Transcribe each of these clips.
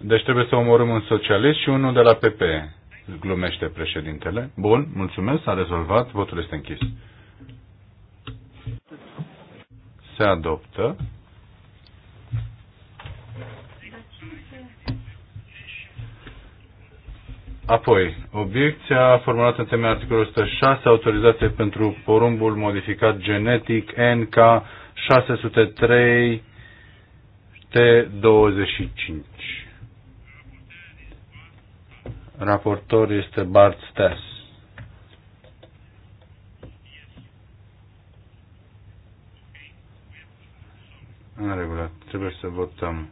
Deci trebuie să omorâm un socialist și unul de la PP, glumește președintele. Bun, mulțumesc, s-a rezolvat, votul este închis. Se adoptă. Apoi, obiecția formulată în temeiul articolului 106, autorizație pentru porumbul modificat genetic NK 603 T25. Raportor este Bart Stas. În regulă, trebuie să votăm.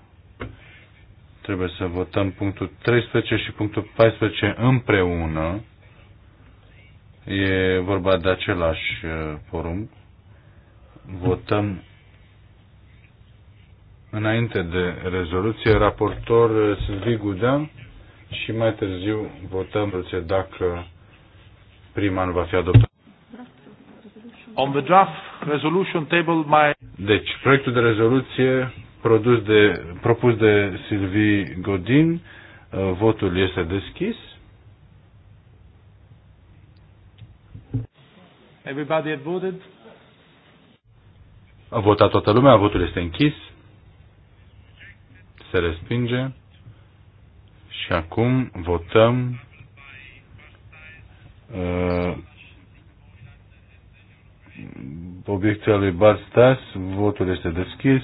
Trebuie să votăm punctul 13 și punctul 14 împreună. E vorba de același uh, forum. Votăm înainte de rezoluție. Raportor uh, Silvi Gudan și mai târziu votăm dacă prima nu va fi adoptată. On the draft resolution table my... Deci, proiectul de rezoluție produs de, propus de Silvii Godin, uh, votul este deschis. Everybody had voted? A votat toată lumea, votul este închis. Se respinge. Și acum votăm uh, obiectul lui Barstas, Votul este deschis.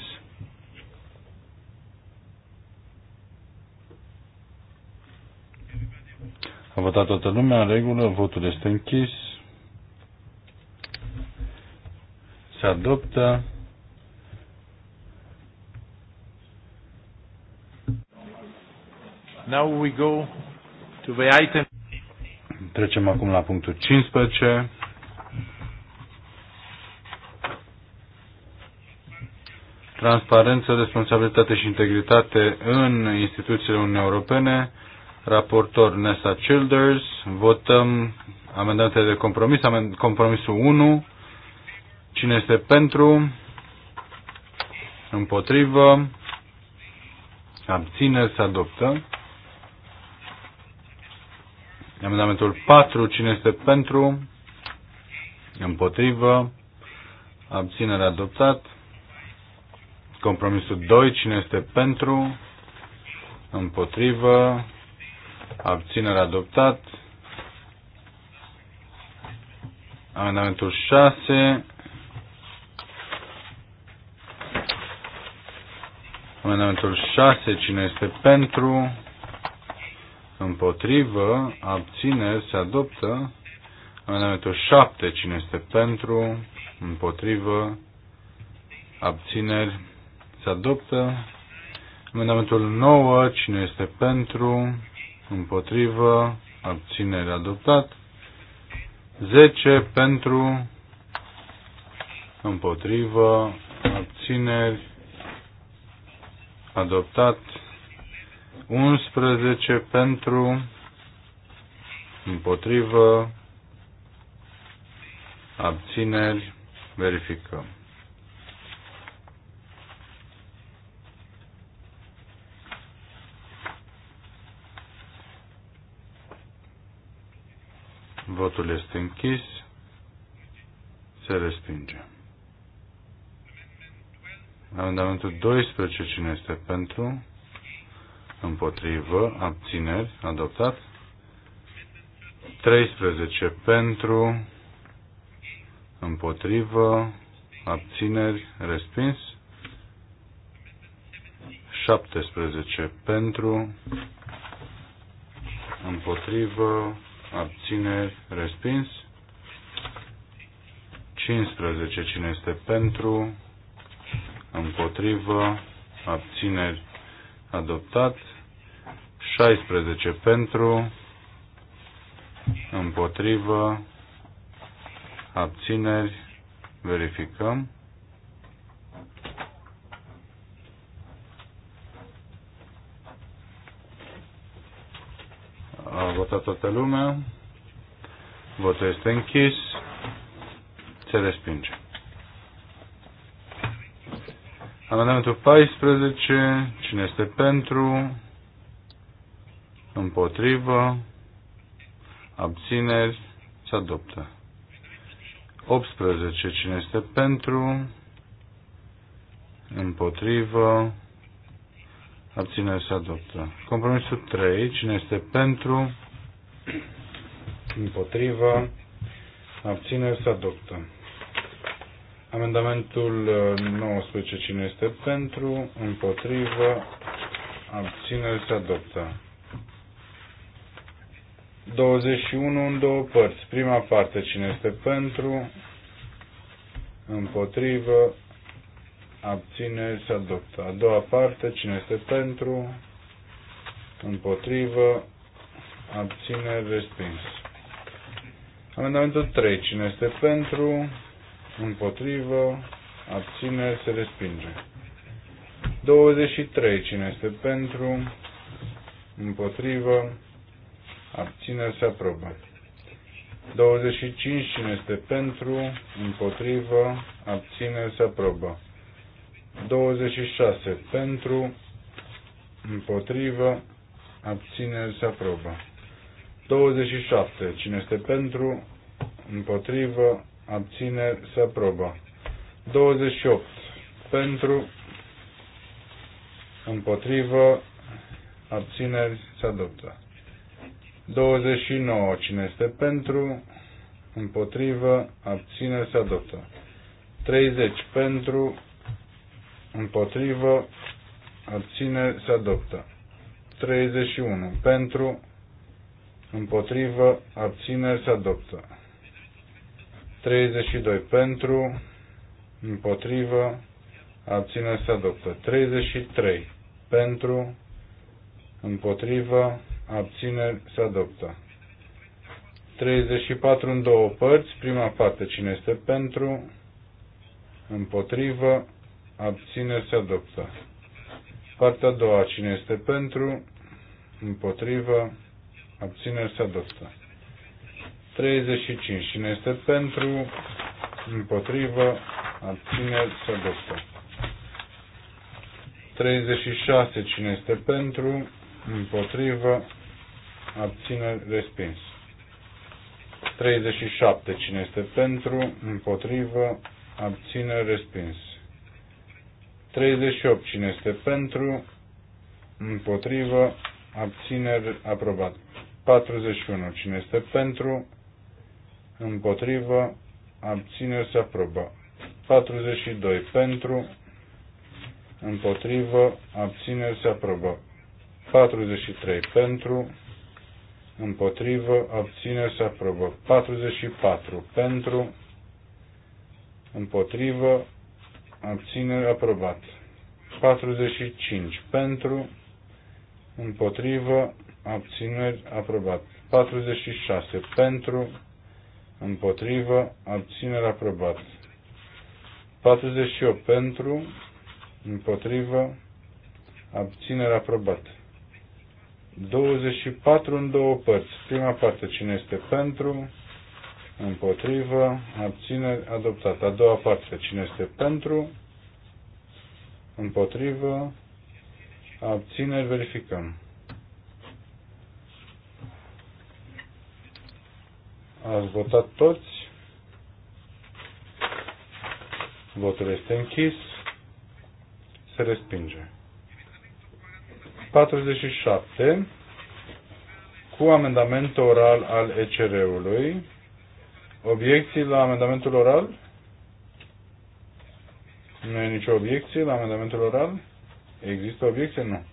A votat toată lumea, în regulă, votul este închis. Se adoptă. Now we go to the item. Trecem acum la punctul 15. Transparență, responsabilitate și integritate în instituțiile Uniunii Europene. Raportor Nessa Childers. Votăm amendamentele de compromis. Compromisul 1. Cine este pentru? Împotrivă? Abține? Se adoptă. Amendamentul 4, cine este pentru? Împotrivă. Abținere adoptat. Compromisul 2, cine este pentru? Împotrivă. Abținere adoptat. Amendamentul 6. Amendamentul 6, cine este pentru? împotrivă, abțineri, se adoptă. Amendamentul 7, cine este pentru, împotrivă, abțineri, se adoptă. Amendamentul 9, cine este pentru, împotrivă, abțineri, adoptat. 10, pentru, împotrivă, abțineri, adoptat. 11 pentru, împotrivă, abțineri, verificăm. Votul este închis. Se respinge. Amendamentul 12. Cine este pentru? împotrivă, abțineri, adoptat. 13 pentru, împotrivă, abțineri, respins. 17 pentru, împotrivă, abțineri, respins. 15 cine este pentru, împotrivă, abțineri, adoptat. 16 pentru, împotrivă, abțineri, verificăm. A votat toată lumea. Votul este închis. Se respinge. Amendamentul 14. Cine este pentru? împotrivă, abțineri, se adoptă. 18. Cine este pentru, împotrivă, abțineri, se adoptă. Compromisul 3. Cine este pentru, împotrivă, abțineri, se adoptă. Amendamentul 19. Uh, Cine este pentru, împotrivă, abțineri, se adoptă. 21 în două părți. Prima parte, cine este pentru, împotrivă, abține, se adoptă. A doua parte, cine este pentru, împotrivă, abține, respins. Amendamentul 3, cine este pentru, împotrivă, abține, se respinge. 23, cine este pentru, împotrivă, abțineri se aprobă. 25 cine este pentru, împotrivă, abțineri se aprobă. 26 pentru, împotrivă, abțineri se aprobă. 27 cine este pentru, împotrivă, abțineri se aprobă. 28 pentru, împotrivă, abțineri se adoptă. 29. Cine este pentru? Împotrivă. Abține. Se adoptă. 30. Pentru. Împotrivă. Abține. Se adoptă. 31. Pentru. Împotrivă. Abține. Se adoptă. 32. Pentru. Împotrivă. Abține. Se adoptă. 33. Pentru. Împotrivă abțineri, se adoptă. 34 în două părți, prima parte cine este pentru, împotrivă, abțineri, se adoptă. Partea a doua, cine este pentru, împotrivă, abțineri, se adoptă. 35, cine este pentru, împotrivă, abțineri, se adoptă. 36, cine este pentru, împotrivă, abțineri, respins. 37. Cine este pentru, împotrivă, abțineri, respins. 38. Cine este pentru, împotrivă, abțineri, aprobat. 41. Cine este pentru, împotrivă, abțineri, se aprobă. 42. Pentru, împotrivă, abțineri, se aprobă. 43. Pentru, împotrivă, abțineri se aprobă. 44 pentru, împotrivă, abțineri aprobat. 45 pentru, împotrivă, abțineri aprobat. 46 pentru, împotrivă, abțineri aprobat. 48 pentru, împotrivă, abțineri aprobat. 24 în două părți. Prima parte, cine este pentru, împotrivă, abține, adoptat. A doua parte, cine este pentru, împotrivă, abține, verificăm. Ați votat toți? Votul este închis. Se respinge. 47 cu amendament oral al ECR-ului. Obiecții la amendamentul oral? Nu e nicio obiecție la amendamentul oral? Există obiecție? Nu.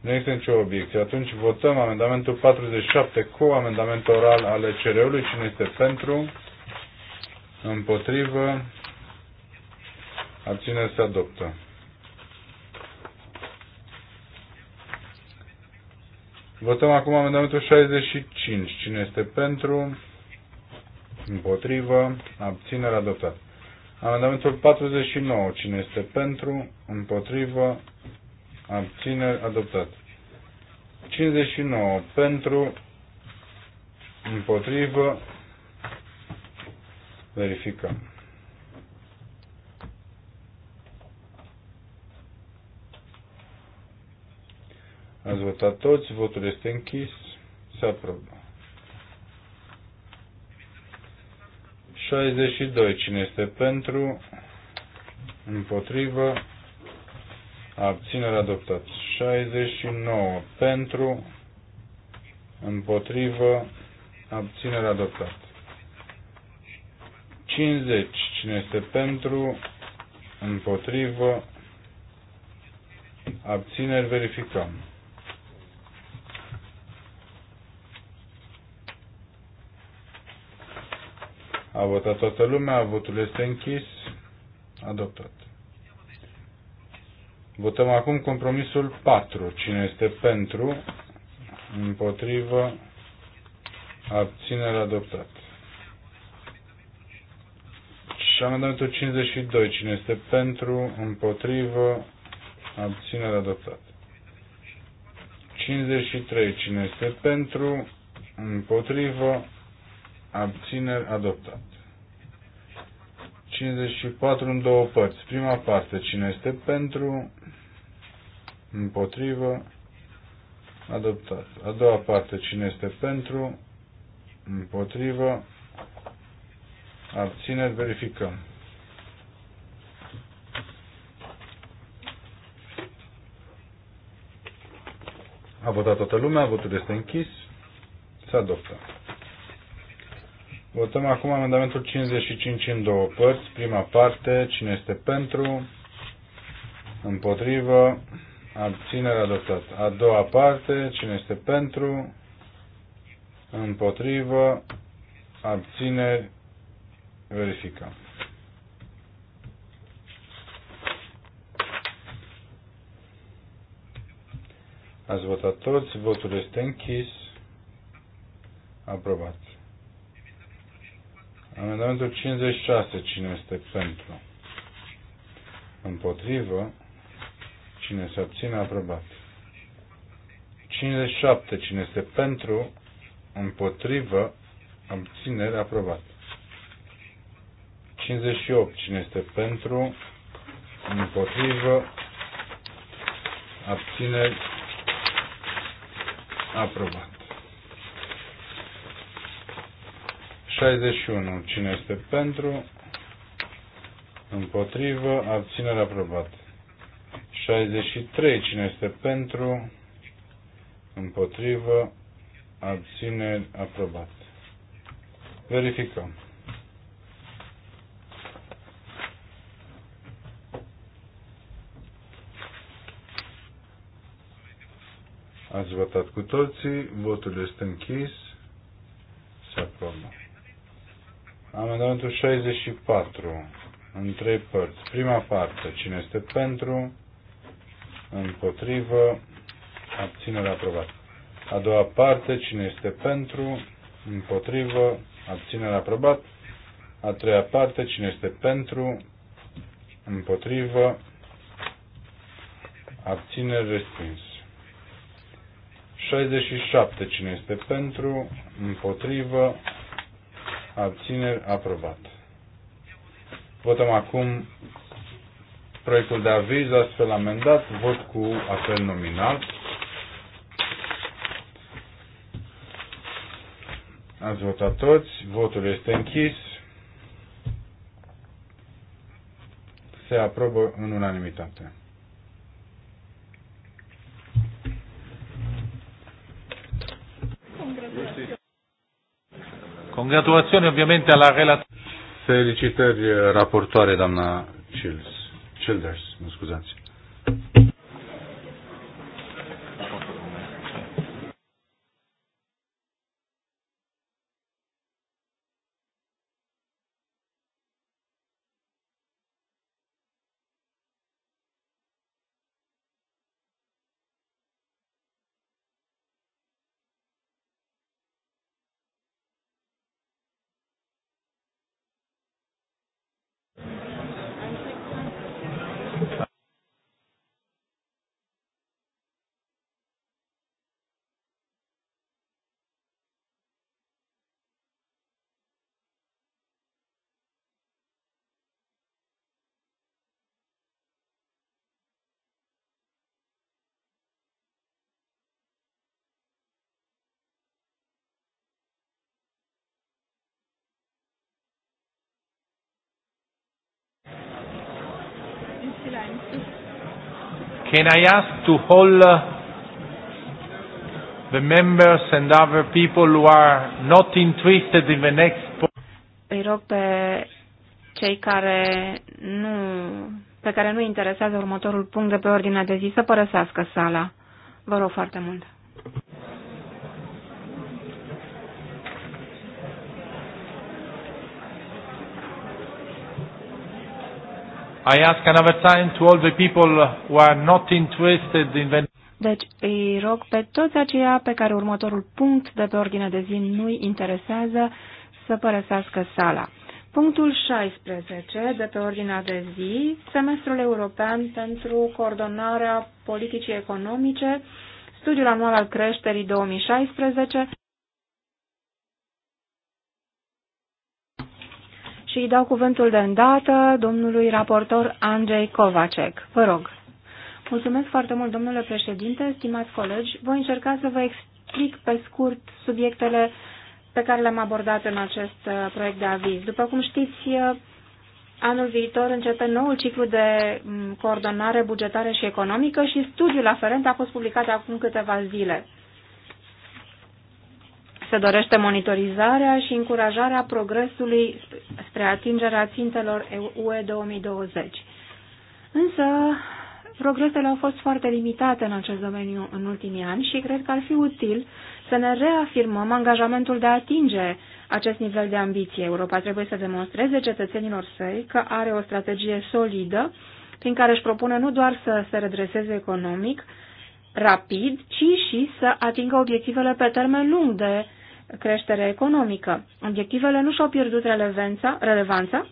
Nu există nicio obiecție. Atunci votăm amendamentul 47 cu amendament oral al ECR-ului. Cine este pentru? Împotrivă? Abține se adoptă. Votăm acum amendamentul 65. Cine este pentru? Împotrivă. Abținere adoptat. Amendamentul 49. Cine este pentru? Împotrivă. Abținere adoptat. 59. Pentru. Împotrivă. Verificăm. Ați votat toți, votul este închis, se aprobă. 62. Cine este pentru? Împotrivă? Abținere adoptat. 69. Pentru? Împotrivă? Abținere adoptat. 50. Cine este pentru? Împotrivă? Abțineri verificăm. A votat toată lumea, votul este închis, adoptat. Votăm acum compromisul 4. Cine este pentru, împotrivă, abținere adoptat. Și amendamentul 52. Cine este pentru, împotrivă, abținere adoptat. 53. Cine este pentru, împotrivă, abțineri, adoptat. 54 în două părți. Prima parte, cine este pentru, împotrivă, adoptat. A doua parte, cine este pentru, împotrivă, abțineri, verificăm. A votat toată lumea, votul este închis, s-a adoptat. Votăm acum amendamentul 55 în două părți. Prima parte, cine este pentru, împotrivă, abținere adoptat. A doua parte, cine este pentru, împotrivă, abțineri, verificăm. Ați votat toți, votul este închis, aprobat. Amendamentul 56, cine este pentru? Împotrivă, cine se abține, aprobat. 57, cine este pentru? Împotrivă, abținere, aprobat. 58, cine este pentru? Împotrivă, abțineri, aprobat. 61. Cine este pentru? Împotrivă. Abținere aprobat. 63. Cine este pentru? Împotrivă. Abținere aprobat. Verificăm. Ați votat cu toții, votul este închis. comandamentul 64 în trei părți. Prima parte, cine este pentru, împotrivă, abținere aprobat. A doua parte, cine este pentru, împotrivă, abținere aprobat. A treia parte, cine este pentru, împotrivă, abținere respins. 67. Cine este pentru, împotrivă, abțineri, aprobat. Votăm acum proiectul de aviz astfel amendat, vot cu apel nominal. Ați votat toți, votul este închis. Se aprobă în unanimitate. Congratulazioni ovviamente alla relazione. Felicitări raportoare, doamna Childers. Childers, mă scuzați. Can I ask to all uh, the members and other people who are not interested in the next Îi rog pe cei care nu, pe care nu interesează următorul punct de pe ordinea de zi să părăsească sala. Vă rog foarte mult. I ask another time to all the people who are not interested in Deci îi rog pe toți aceia pe care următorul punct de pe ordine de zi nu-i interesează să părăsească sala. Punctul 16 de pe ordinea de zi, semestrul european pentru coordonarea politicii economice, studiul anual al creșterii 2016, și îi dau cuvântul de îndată domnului raportor Andrei Kovacek. Vă rog. Mulțumesc foarte mult, domnule președinte, stimați colegi. Voi încerca să vă explic pe scurt subiectele pe care le-am abordat în acest uh, proiect de aviz. După cum știți, uh, anul viitor începe noul ciclu de mm, coordonare bugetară și economică și studiul aferent a fost publicat acum câteva zile se dorește monitorizarea și încurajarea progresului spre atingerea țintelor UE 2020. Însă, progresele au fost foarte limitate în acest domeniu în ultimii ani și cred că ar fi util să ne reafirmăm angajamentul de a atinge acest nivel de ambiție. Europa trebuie să demonstreze cetățenilor săi că are o strategie solidă prin care își propune nu doar să se redreseze economic, rapid, ci și să atingă obiectivele pe termen lung de creștere economică. Obiectivele nu și-au pierdut relevanța, relevanța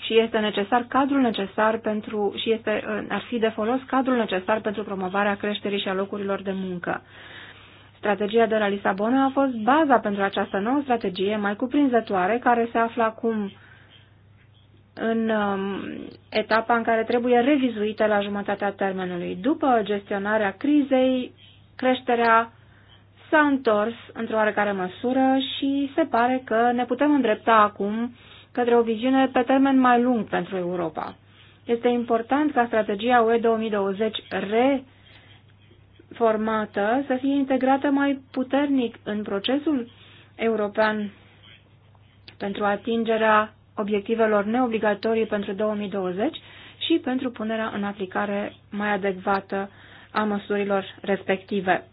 și este necesar cadrul necesar pentru și este, uh, ar fi de folos cadrul necesar pentru promovarea creșterii și a locurilor de muncă. Strategia de la Lisabona a fost baza pentru această nouă strategie mai cuprinzătoare care se află acum în um, etapa în care trebuie revizuită la jumătatea termenului. După gestionarea crizei, creșterea s-a întors într-o oarecare măsură și se pare că ne putem îndrepta acum către o viziune pe termen mai lung pentru Europa. Este important ca strategia UE 2020 reformată să fie integrată mai puternic în procesul european pentru atingerea obiectivelor neobligatorii pentru 2020 și pentru punerea în aplicare mai adecvată a măsurilor respective.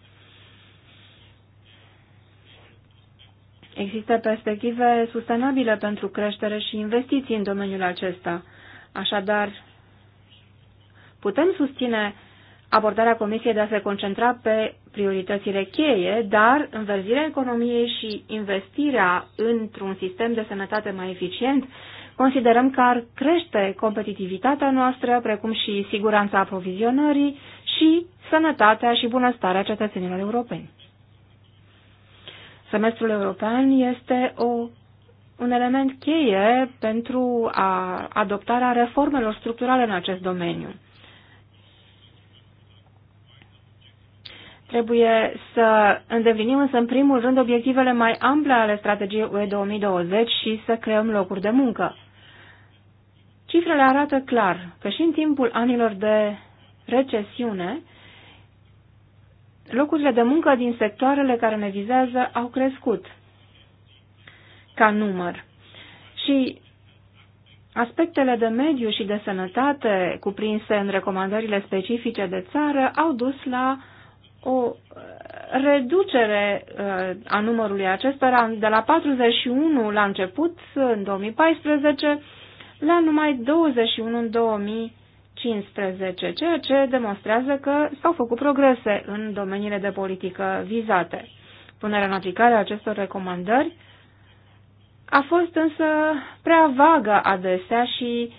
Există perspective sustenabile pentru creștere și investiții în domeniul acesta. Așadar, putem susține abordarea Comisiei de a se concentra pe prioritățile cheie, dar înverzirea economiei și investirea într-un sistem de sănătate mai eficient considerăm că ar crește competitivitatea noastră, precum și siguranța aprovizionării și sănătatea și bunăstarea cetățenilor europeni. Semestrul european este o, un element cheie pentru a, adoptarea reformelor structurale în acest domeniu. Trebuie să îndeplinim însă în primul rând obiectivele mai ample ale strategiei UE 2020 și să creăm locuri de muncă. Cifrele arată clar că și în timpul anilor de recesiune, locurile de muncă din sectoarele care ne vizează au crescut ca număr. Și aspectele de mediu și de sănătate cuprinse în recomandările specifice de țară au dus la o uh, reducere uh, a numărului acestora de la 41 la început, în 2014, la numai 21 în 2000. 2015, ceea ce demonstrează că s-au făcut progrese în domeniile de politică vizate. Punerea în aplicare a acestor recomandări a fost însă prea vagă adesea și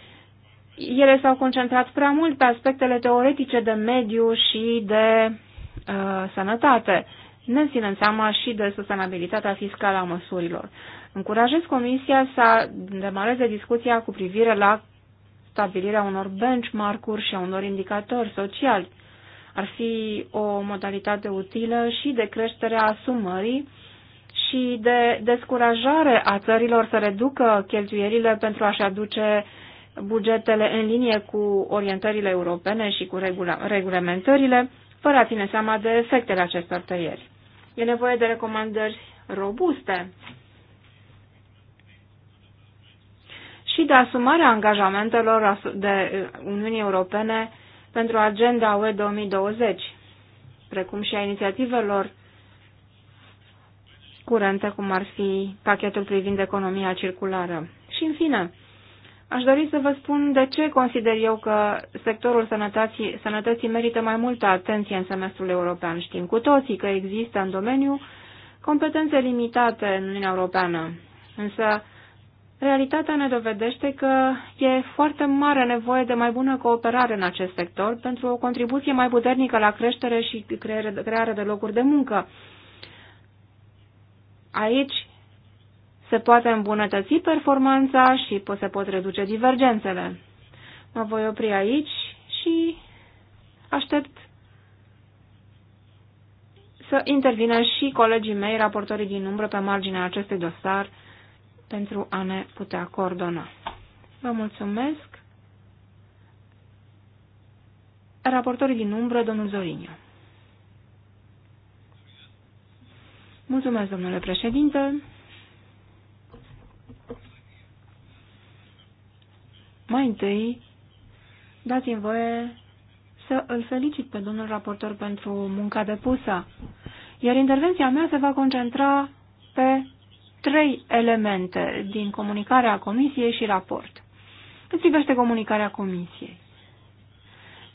ele s-au concentrat prea mult pe aspectele teoretice de mediu și de uh, sănătate, ne ținând seama și de sustenabilitatea fiscală a măsurilor. Încurajez Comisia să demareze discuția cu privire la stabilirea unor benchmark-uri și a unor indicatori sociali. Ar fi o modalitate utilă și de creștere a asumării și de descurajare a țărilor să reducă cheltuierile pentru a-și aduce bugetele în linie cu orientările europene și cu regula- regulamentările, fără a ține seama de efectele acestor tăieri. E nevoie de recomandări robuste și de asumarea angajamentelor de uh, Uniunii Europene pentru Agenda UE 2020, precum și a inițiativelor curente, cum ar fi pachetul privind economia circulară. Și, în fine, aș dori să vă spun de ce consider eu că sectorul sănătății, sănătății merită mai multă atenție în semestrul european. Știm cu toții că există în domeniu competențe limitate în Uniunea Europeană, însă Realitatea ne dovedește că e foarte mare nevoie de mai bună cooperare în acest sector pentru o contribuție mai puternică la creștere și crearea de locuri de muncă. Aici se poate îmbunătăți performanța și se pot reduce divergențele. Mă voi opri aici și aștept să intervină și colegii mei, raportorii din umbră, pe marginea acestui dosar pentru a ne putea coordona. Vă mulțumesc. Raportorii din umbră, domnul Zoriniu. Mulțumesc, domnule președinte. Mai întâi, dați-mi voie să îl felicit pe domnul raportor pentru munca depusă, iar intervenția mea se va concentra pe trei elemente din comunicarea Comisiei și raport. Cât privește comunicarea Comisiei?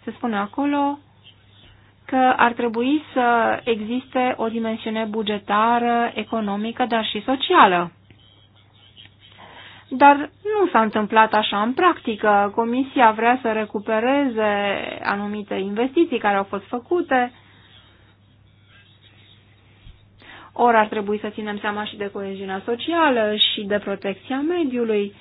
Se spune acolo că ar trebui să existe o dimensiune bugetară, economică, dar și socială. Dar nu s-a întâmplat așa în practică. Comisia vrea să recupereze anumite investiții care au fost făcute, ori ar trebui să ținem seama și de coeziunea socială și de protecția mediului.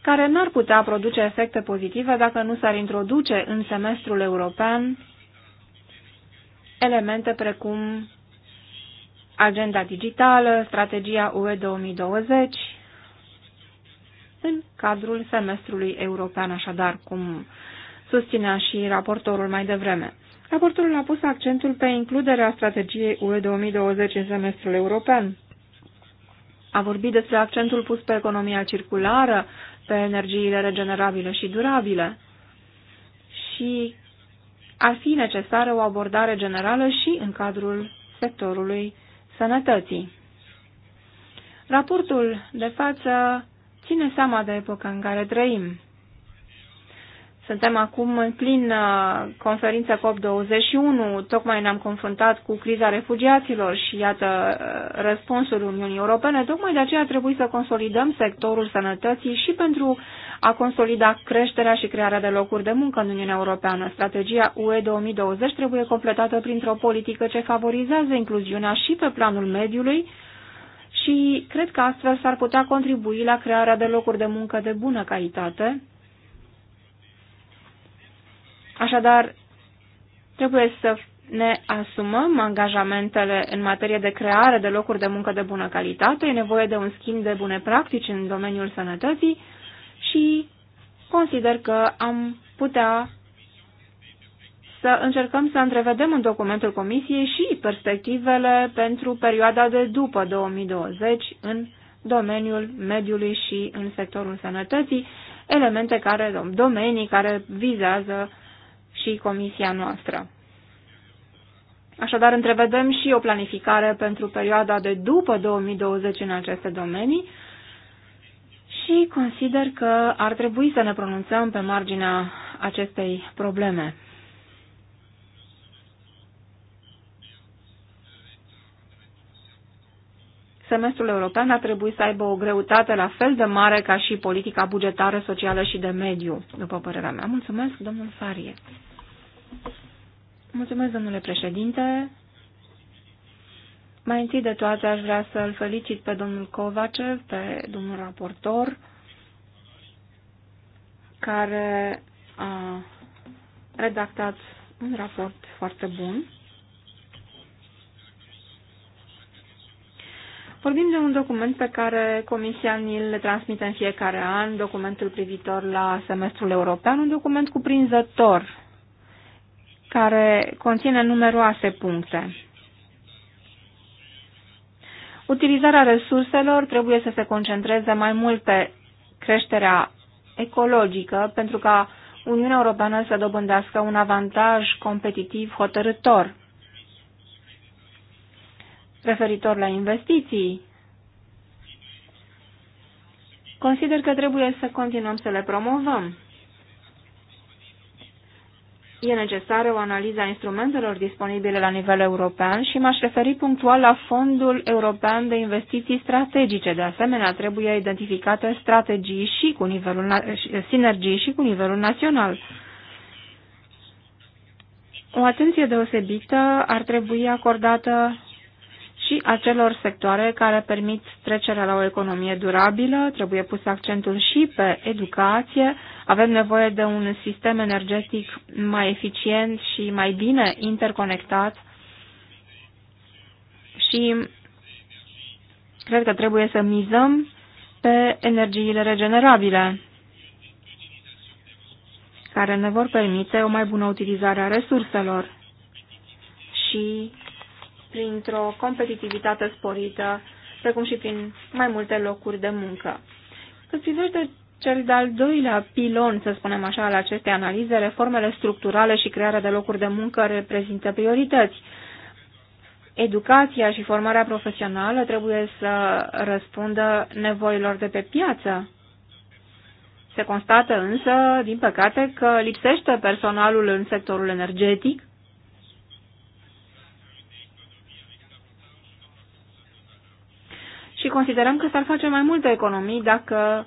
care n-ar putea produce efecte pozitive dacă nu s-ar introduce în semestrul european elemente precum agenda digitală, strategia UE 2020, în cadrul semestrului european, așadar, cum susținea și raportorul mai devreme. Raportul a pus accentul pe includerea strategiei UE 2020 în semestrul european. A vorbit despre accentul pus pe economia circulară, pe energiile regenerabile și durabile. Și ar fi necesară o abordare generală și în cadrul sectorului sănătății. Raportul de față ține seama de epoca în care trăim. Suntem acum în plin conferință COP21, tocmai ne-am confruntat cu criza refugiaților și iată răspunsul Uniunii Europene, tocmai de aceea trebuie să consolidăm sectorul sănătății și pentru a consolida creșterea și crearea de locuri de muncă în Uniunea Europeană. Strategia UE 2020 trebuie completată printr-o politică ce favorizează incluziunea și pe planul mediului, și cred că astfel s-ar putea contribui la crearea de locuri de muncă de bună calitate, Așadar, trebuie să ne asumăm angajamentele în materie de creare de locuri de muncă de bună calitate, e nevoie de un schimb de bune practici în domeniul sănătății și consider că am putea să încercăm să întrevedem în documentul Comisiei și perspectivele pentru perioada de după 2020 în domeniul mediului și în sectorul sănătății, elemente care, domenii care vizează și comisia noastră. Așadar, întrevedem și o planificare pentru perioada de după 2020 în aceste domenii și consider că ar trebui să ne pronunțăm pe marginea acestei probleme. Semestrul european ar trebui să aibă o greutate la fel de mare ca și politica bugetară, socială și de mediu, după părerea mea. Mulțumesc, domnul Farie. Mulțumesc, domnule președinte. Mai întâi de toate aș vrea să-l felicit pe domnul Covacev, pe domnul raportor, care a redactat un raport foarte bun. Vorbim de un document pe care Comisia ni-l transmite în fiecare an, documentul privitor la semestrul european, un document cuprinzător care conține numeroase puncte. Utilizarea resurselor trebuie să se concentreze mai mult pe creșterea ecologică pentru ca Uniunea Europeană să dobândească un avantaj competitiv hotărător referitor la investiții. Consider că trebuie să continuăm să le promovăm. E necesară o analiză a instrumentelor disponibile la nivel european și m-aș referi punctual la Fondul European de Investiții Strategice. De asemenea, trebuie identificate strategii și cu nivelul, eh, sinergii și cu nivelul național. O atenție deosebită ar trebui acordată și acelor sectoare care permit trecerea la o economie durabilă, trebuie pus accentul și pe educație, avem nevoie de un sistem energetic mai eficient și mai bine interconectat și cred că trebuie să mizăm pe energiile regenerabile care ne vor permite o mai bună utilizare a resurselor și printr-o competitivitate sporită, precum și prin mai multe locuri de muncă. Cât privește cel de-al doilea pilon, să spunem așa, al acestei analize, reformele structurale și crearea de locuri de muncă reprezintă priorități. Educația și formarea profesională trebuie să răspundă nevoilor de pe piață. Se constată însă, din păcate, că lipsește personalul în sectorul energetic, și considerăm că s-ar face mai multe economii dacă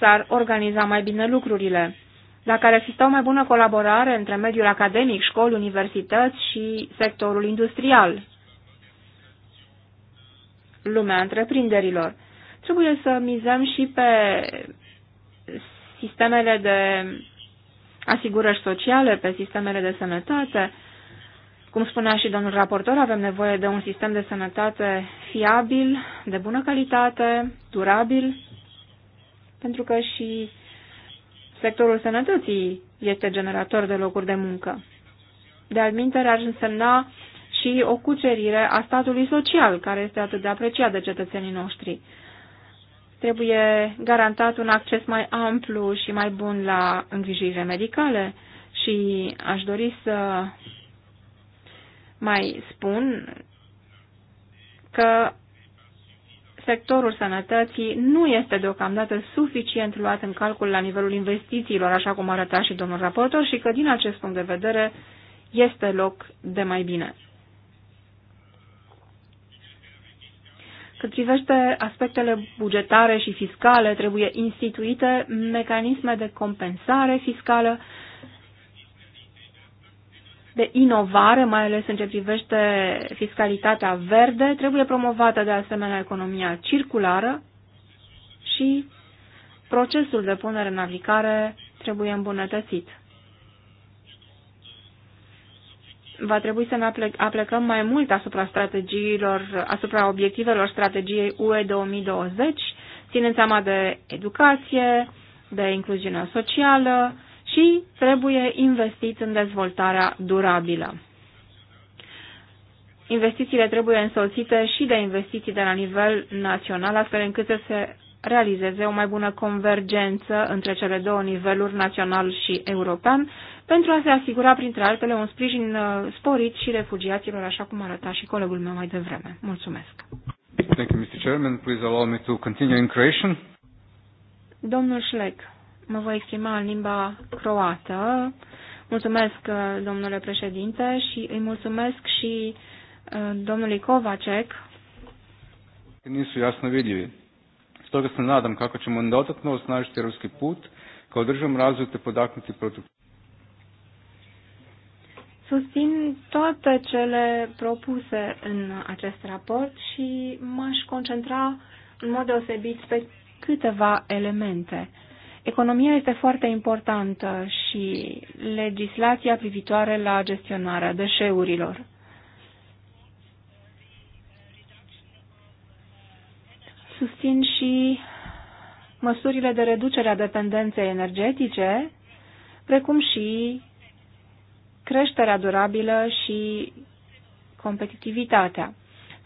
s-ar organiza mai bine lucrurile, dacă ar exista o mai bună colaborare între mediul academic, școli, universități și sectorul industrial, lumea întreprinderilor. Trebuie să mizăm și pe sistemele de asigurări sociale, pe sistemele de sănătate, cum spunea și domnul raportor, avem nevoie de un sistem de sănătate fiabil, de bună calitate, durabil, pentru că și sectorul sănătății este generator de locuri de muncă. De alminteri ar însemna și o cucerire a statului social, care este atât de apreciat de cetățenii noștri. Trebuie garantat un acces mai amplu și mai bun la îngrijire medicale și aș dori să mai spun că sectorul sănătății nu este deocamdată suficient luat în calcul la nivelul investițiilor, așa cum arăta și domnul raportor, și că din acest punct de vedere este loc de mai bine. Cât privește aspectele bugetare și fiscale, trebuie instituite mecanisme de compensare fiscală de inovare, mai ales în ce privește fiscalitatea verde, trebuie promovată de asemenea economia circulară și procesul de punere în aplicare trebuie îmbunătățit. Va trebui să ne aplecăm mai mult asupra strategiilor, asupra obiectivelor strategiei UE 2020, ținând seama de educație, de incluziune socială, și trebuie investiți în dezvoltarea durabilă. Investițiile trebuie însoțite și de investiții de la nivel național, astfel încât să se realizeze o mai bună convergență între cele două niveluri, național și european, pentru a se asigura, printre altele, un sprijin uh, sporit și refugiaților, așa cum arăta și colegul meu mai devreme. Mulțumesc! Thank you, Mr. Chairman. Please allow me to continue in Croatian. Domnul Schleck. Mă voi exprima în limba croată. Mulțumesc, uh, domnule președinte, și îi mulțumesc și uh, domnului Kovacek. Nisu jasno vidljivi. Stoga se nadam kako ćemo dodatno osnažiti ruski put kao državom razvoju te podaknuti protiv. Susțin toate cele propuse în acest raport și m-aș concentra în mod deosebit pe câteva elemente. Economia este foarte importantă și legislația privitoare la gestionarea deșeurilor. Susțin și măsurile de reducere a dependenței energetice, precum și creșterea durabilă și competitivitatea.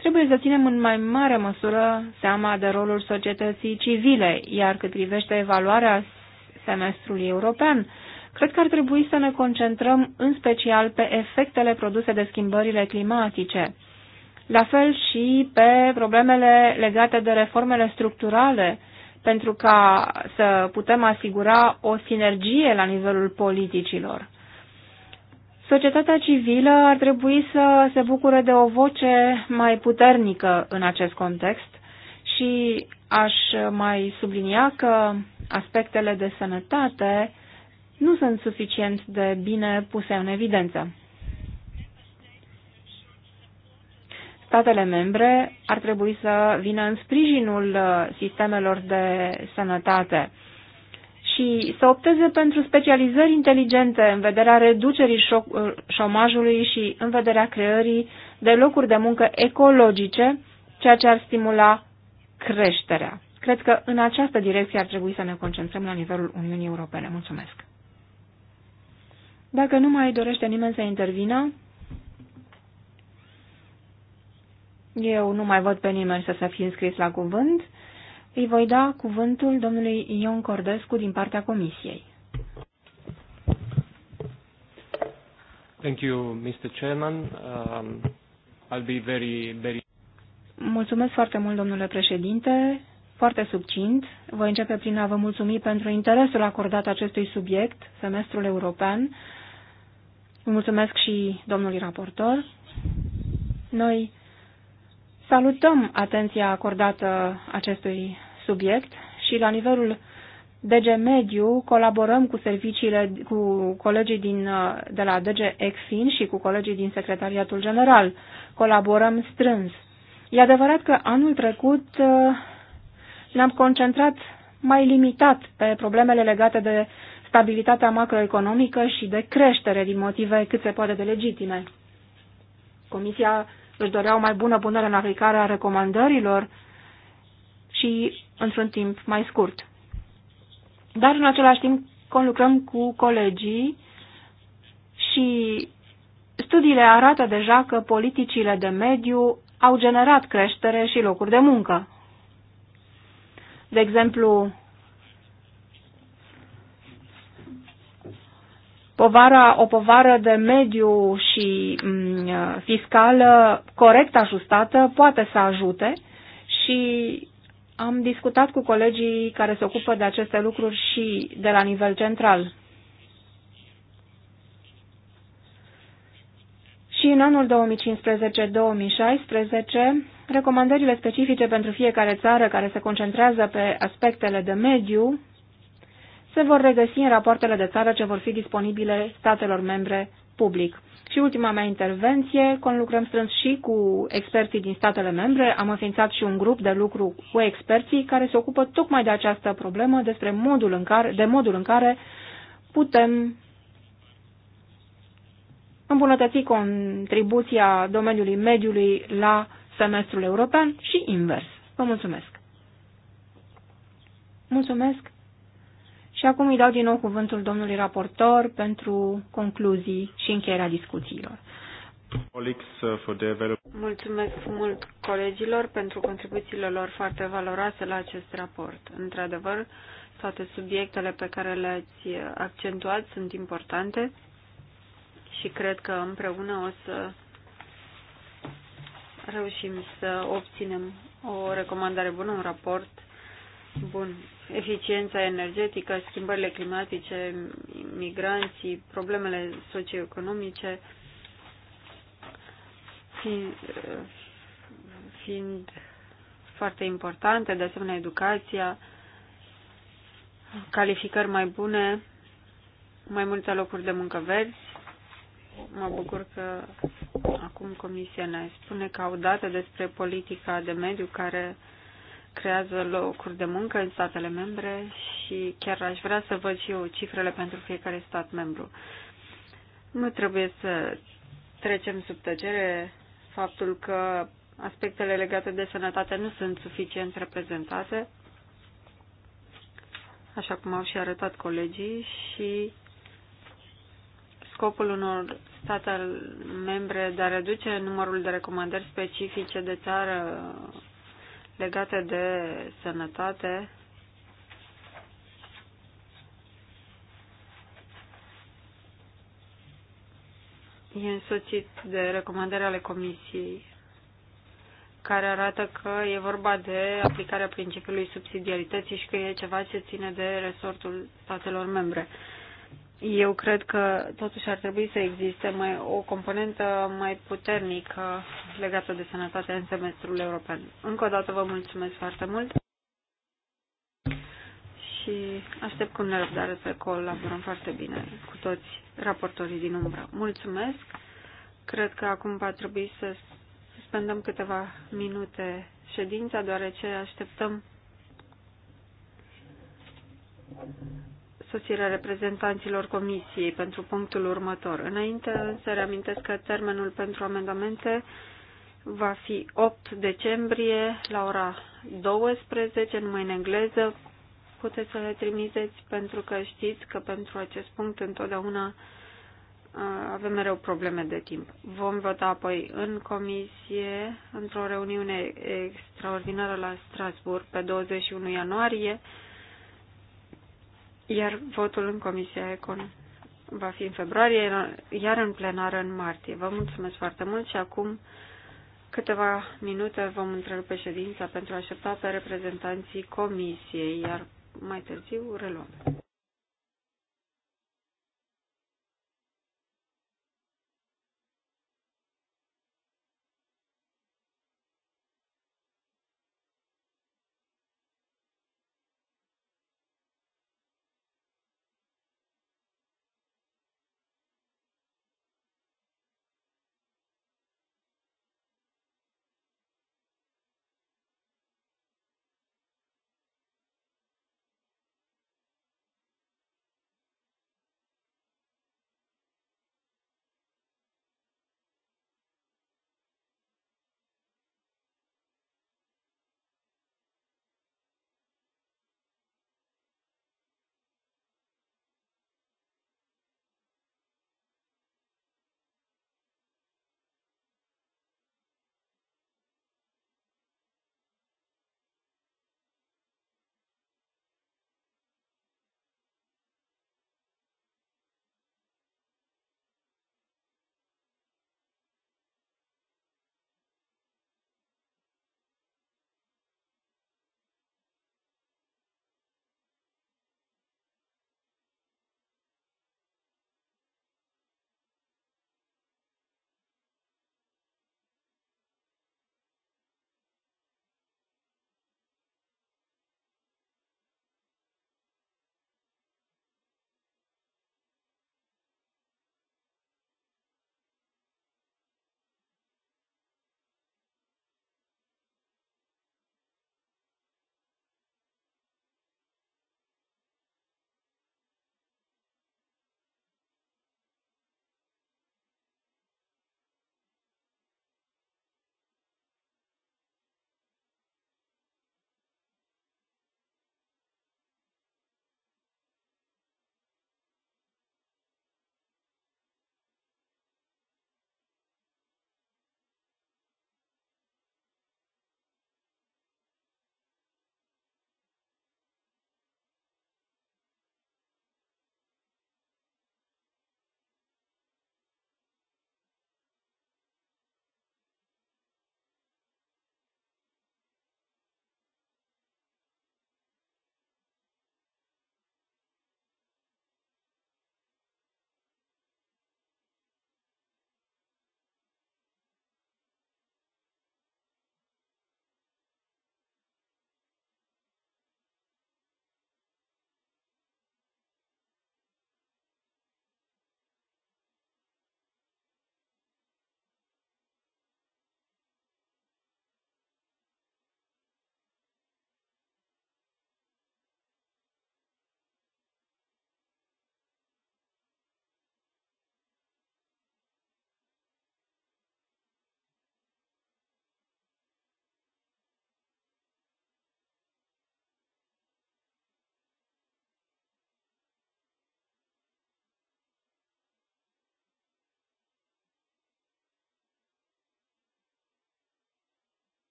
Trebuie să ținem în mai mare măsură seama de rolul societății civile, iar cât privește evaluarea semestrului european, cred că ar trebui să ne concentrăm în special pe efectele produse de schimbările climatice, la fel și pe problemele legate de reformele structurale, pentru ca să putem asigura o sinergie la nivelul politicilor. Societatea civilă ar trebui să se bucure de o voce mai puternică în acest context și aș mai sublinia că aspectele de sănătate nu sunt suficient de bine puse în evidență. Statele membre ar trebui să vină în sprijinul sistemelor de sănătate și să opteze pentru specializări inteligente în vederea reducerii șomajului și în vederea creării de locuri de muncă ecologice, ceea ce ar stimula creșterea. Cred că în această direcție ar trebui să ne concentrăm la nivelul Uniunii Europene. Mulțumesc! Dacă nu mai dorește nimeni să intervină, eu nu mai văd pe nimeni să se fi înscris la cuvânt, îi voi da cuvântul domnului Ion Cordescu din partea Comisiei. Thank you, Mr. Chairman. Um, I'll be very, very... Mulțumesc foarte mult, domnule președinte. Foarte subcint, voi începe prin a vă mulțumi pentru interesul acordat acestui subiect, semestrul european. mulțumesc și domnului raportor. Noi Salutăm atenția acordată acestui subiect și la nivelul DG Mediu colaborăm cu serviciile, cu colegii din, uh, de la DG Exfin și cu colegii din Secretariatul General. Colaborăm strâns. E adevărat că anul trecut uh, ne-am concentrat mai limitat pe problemele legate de stabilitatea macroeconomică și de creștere din motive cât se poate de legitime. Comisia își doreau o mai bună punere în aplicare a recomandărilor și într-un timp mai scurt. Dar în același timp conlucrăm cu colegii și studiile arată deja că politicile de mediu au generat creștere și locuri de muncă. De exemplu, povara, o povară de mediu și mm, fiscală corect ajustată poate să ajute și am discutat cu colegii care se ocupă de aceste lucruri și de la nivel central. Și în anul 2015-2016, recomandările specifice pentru fiecare țară care se concentrează pe aspectele de mediu se vor regăsi în rapoartele de țară ce vor fi disponibile statelor membre public. Și ultima mea intervenție, conlucrăm strâns și cu experții din statele membre, am înființat și un grup de lucru cu experții care se ocupă tocmai de această problemă, despre modul în care, de modul în care putem îmbunătăți contribuția domeniului mediului la semestrul european și invers. Vă mulțumesc! Mulțumesc! Și acum îi dau din nou cuvântul domnului raportor pentru concluzii și încheierea discuțiilor. Uh, Mulțumesc mult colegilor pentru contribuțiile lor foarte valoroase la acest raport. Într-adevăr, toate subiectele pe care le-ați uh, accentuat sunt importante și cred că împreună o să reușim să obținem o recomandare bună, un raport bun eficiența energetică, schimbările climatice, migranții, problemele socioeconomice, fiind, fiind foarte importante, de asemenea educația, calificări mai bune, mai multe locuri de muncă verzi. Mă bucur că acum Comisia ne spune că au date despre politica de mediu care creează locuri de muncă în statele membre și chiar aș vrea să văd și eu cifrele pentru fiecare stat membru. Nu trebuie să trecem sub tăcere faptul că aspectele legate de sănătate nu sunt suficient reprezentate, așa cum au și arătat colegii, și scopul unor state membre de a reduce numărul de recomandări specifice de țară legate de sănătate e însoțit de recomandări ale Comisiei care arată că e vorba de aplicarea principiului subsidiarității și că e ceva ce ține de resortul statelor membre. Eu cred că totuși ar trebui să existe mai, o componentă mai puternică legată de sănătate în semestrul european. Încă o dată vă mulțumesc foarte mult și aștept cu nerăbdare să colaborăm foarte bine cu toți raportorii din umbră. Mulțumesc! Cred că acum va trebui să suspendăm câteva minute ședința, deoarece așteptăm sosirea reprezentanților Comisiei pentru punctul următor. Înainte să reamintesc că termenul pentru amendamente va fi 8 decembrie la ora 12, numai în engleză. Puteți să le trimiteți pentru că știți că pentru acest punct întotdeauna avem mereu probleme de timp. Vom vota apoi în comisie, într-o reuniune extraordinară la Strasburg, pe 21 ianuarie, iar votul în Comisia Econ va fi în februarie, iar în plenară în martie. Vă mulțumesc foarte mult și acum câteva minute vom întrerupe ședința pentru a aștepta pe reprezentanții Comisiei, iar mai târziu reluăm.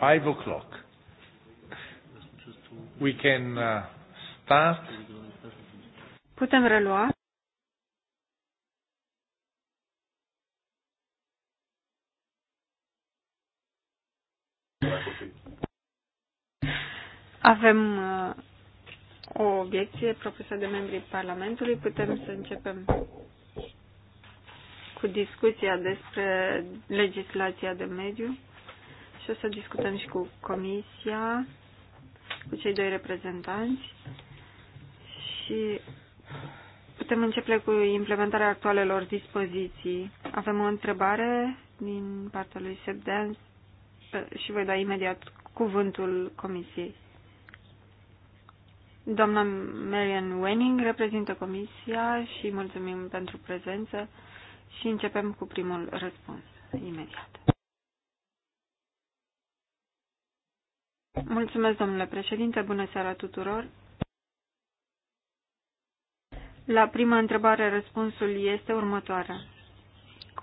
five o'clock. We can uh, start. Putem relua. Avem uh, o obiecție propusă de membrii Parlamentului. Putem să începem cu discuția despre legislația de mediu însă să discutăm și cu comisia, cu cei doi reprezentanți și putem începe cu implementarea actualelor dispoziții. Avem o întrebare din partea lui Sebdean eh, și voi da imediat cuvântul comisiei. Doamna Marian Wenning reprezintă comisia și mulțumim pentru prezență și începem cu primul răspuns imediat. Mulțumesc, domnule președinte. Bună seara tuturor. La prima întrebare, răspunsul este următoarea.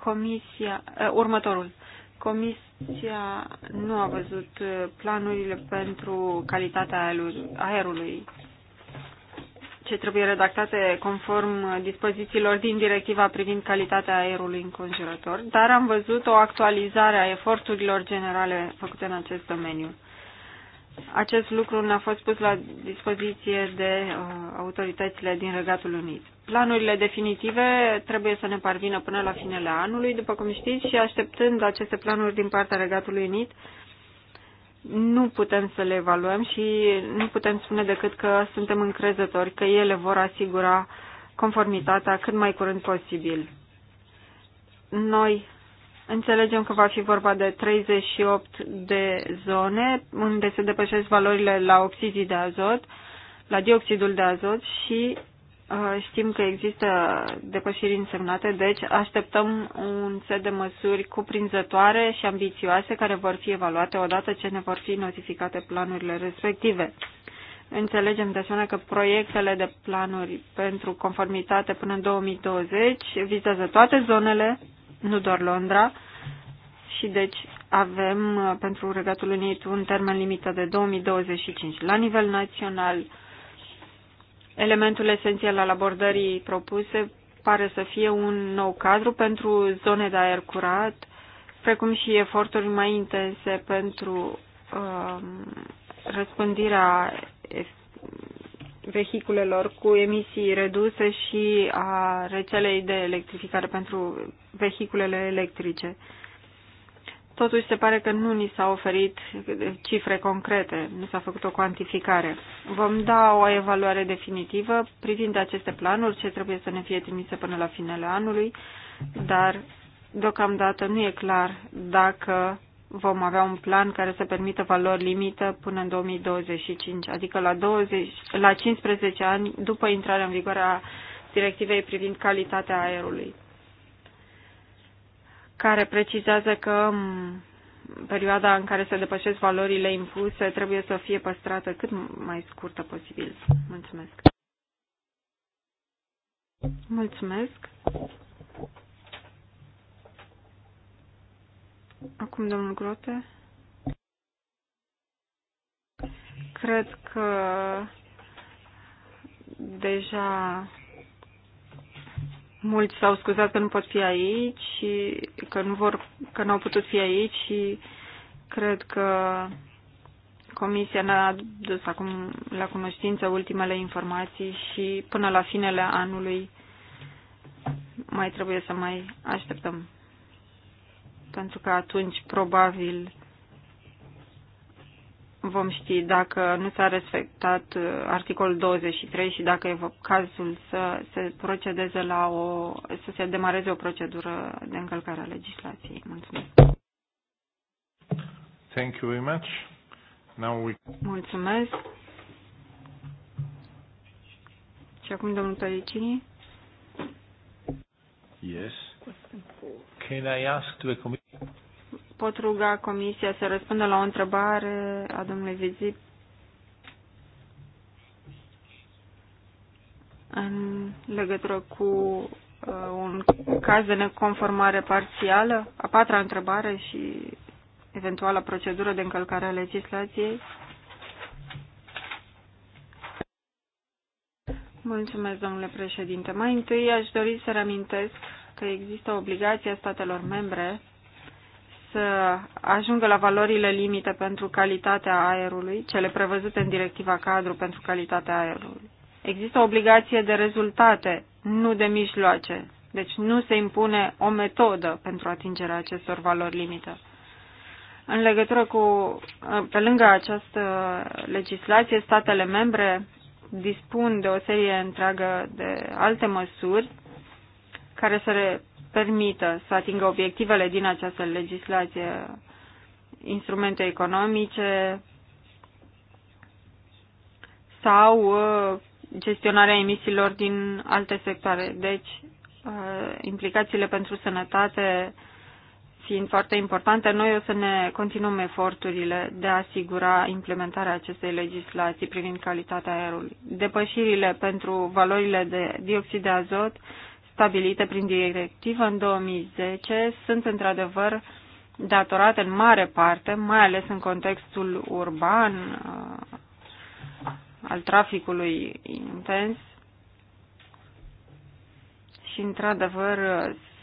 Comisia, uh, următorul. Comisia nu a văzut eh, planurile pentru calitatea aerului ce trebuie redactate conform dispozițiilor din directiva privind calitatea aerului înconjurător, dar am văzut o actualizare a eforturilor generale făcute în acest domeniu. Acest lucru ne-a fost pus la dispoziție de uh, autoritățile din Regatul Unit. Planurile definitive trebuie să ne parvină până la finele anului, după cum știți, și așteptând aceste planuri din partea Regatului Unit, nu putem să le evaluăm și nu putem spune decât că suntem încrezători că ele vor asigura conformitatea cât mai curând posibil. Noi Înțelegem că va fi vorba de 38 de zone unde se depășesc valorile la oxizii de azot, la dioxidul de azot și uh, Știm că există depășiri însemnate, deci așteptăm un set de măsuri cuprinzătoare și ambițioase care vor fi evaluate odată ce ne vor fi notificate planurile respective. Înțelegem de asemenea că proiectele de planuri pentru conformitate până în 2020 vizează toate zonele nu doar Londra, și deci avem uh, pentru Regatul Unit un termen limită de 2025. La nivel național, elementul esențial al abordării propuse pare să fie un nou cadru pentru zone de aer curat, precum și eforturi mai intense pentru um, răspândirea vehiculelor cu emisii reduse și a rețelei de electrificare pentru vehiculele electrice. Totuși se pare că nu ni s a oferit cifre concrete, nu s-a făcut o cuantificare. Vom da o evaluare definitivă privind aceste planuri, ce trebuie să ne fie trimise până la finele anului, dar deocamdată nu e clar dacă vom avea un plan care să permită valori limită până în 2025, adică la, 20, la 15 ani după intrarea în vigoare a directivei privind calitatea aerului, care precizează că perioada în care se depășesc valorile impuse trebuie să fie păstrată cât mai scurtă posibil. Mulțumesc! Mulțumesc! Acum, domnul Grote. Cred că deja mulți s-au scuzat că nu pot fi aici și că nu vor, că n-au putut fi aici și cred că Comisia ne-a adus acum la cunoștință ultimele informații și până la finele anului mai trebuie să mai așteptăm pentru că atunci probabil vom ști dacă nu s-a respectat uh, articolul 23 și dacă e cazul să se procedeze la o, să se demareze o procedură de încălcare a legislației. Mulțumesc. Thank you very much. Now we... Mulțumesc. Și acum domnul Pericini. Yes. Can I ask to a Pot ruga Comisia să răspundă la o întrebare a domnului Vizip în legătură cu uh, un caz de neconformare parțială, a patra întrebare și eventuala procedură de încălcare a legislației. Mulțumesc, domnule președinte. Mai întâi aș dori să reamintesc că există obligația statelor membre să ajungă la valorile limite pentru calitatea aerului, cele prevăzute în directiva cadru pentru calitatea aerului. Există obligație de rezultate, nu de mijloace. Deci nu se impune o metodă pentru atingerea acestor valori limită. În legătură cu, pe lângă această legislație, statele membre dispun de o serie întreagă de alte măsuri care să permită să atingă obiectivele din această legislație, instrumente economice sau uh, gestionarea emisiilor din alte sectoare. Deci, uh, implicațiile pentru sănătate fiind foarte importante, noi o să ne continuăm eforturile de a asigura implementarea acestei legislații privind calitatea aerului. Depășirile pentru valorile de dioxid de azot stabilite prin directivă în 2010 sunt într-adevăr datorate în mare parte, mai ales în contextul urban uh, al traficului intens și într-adevăr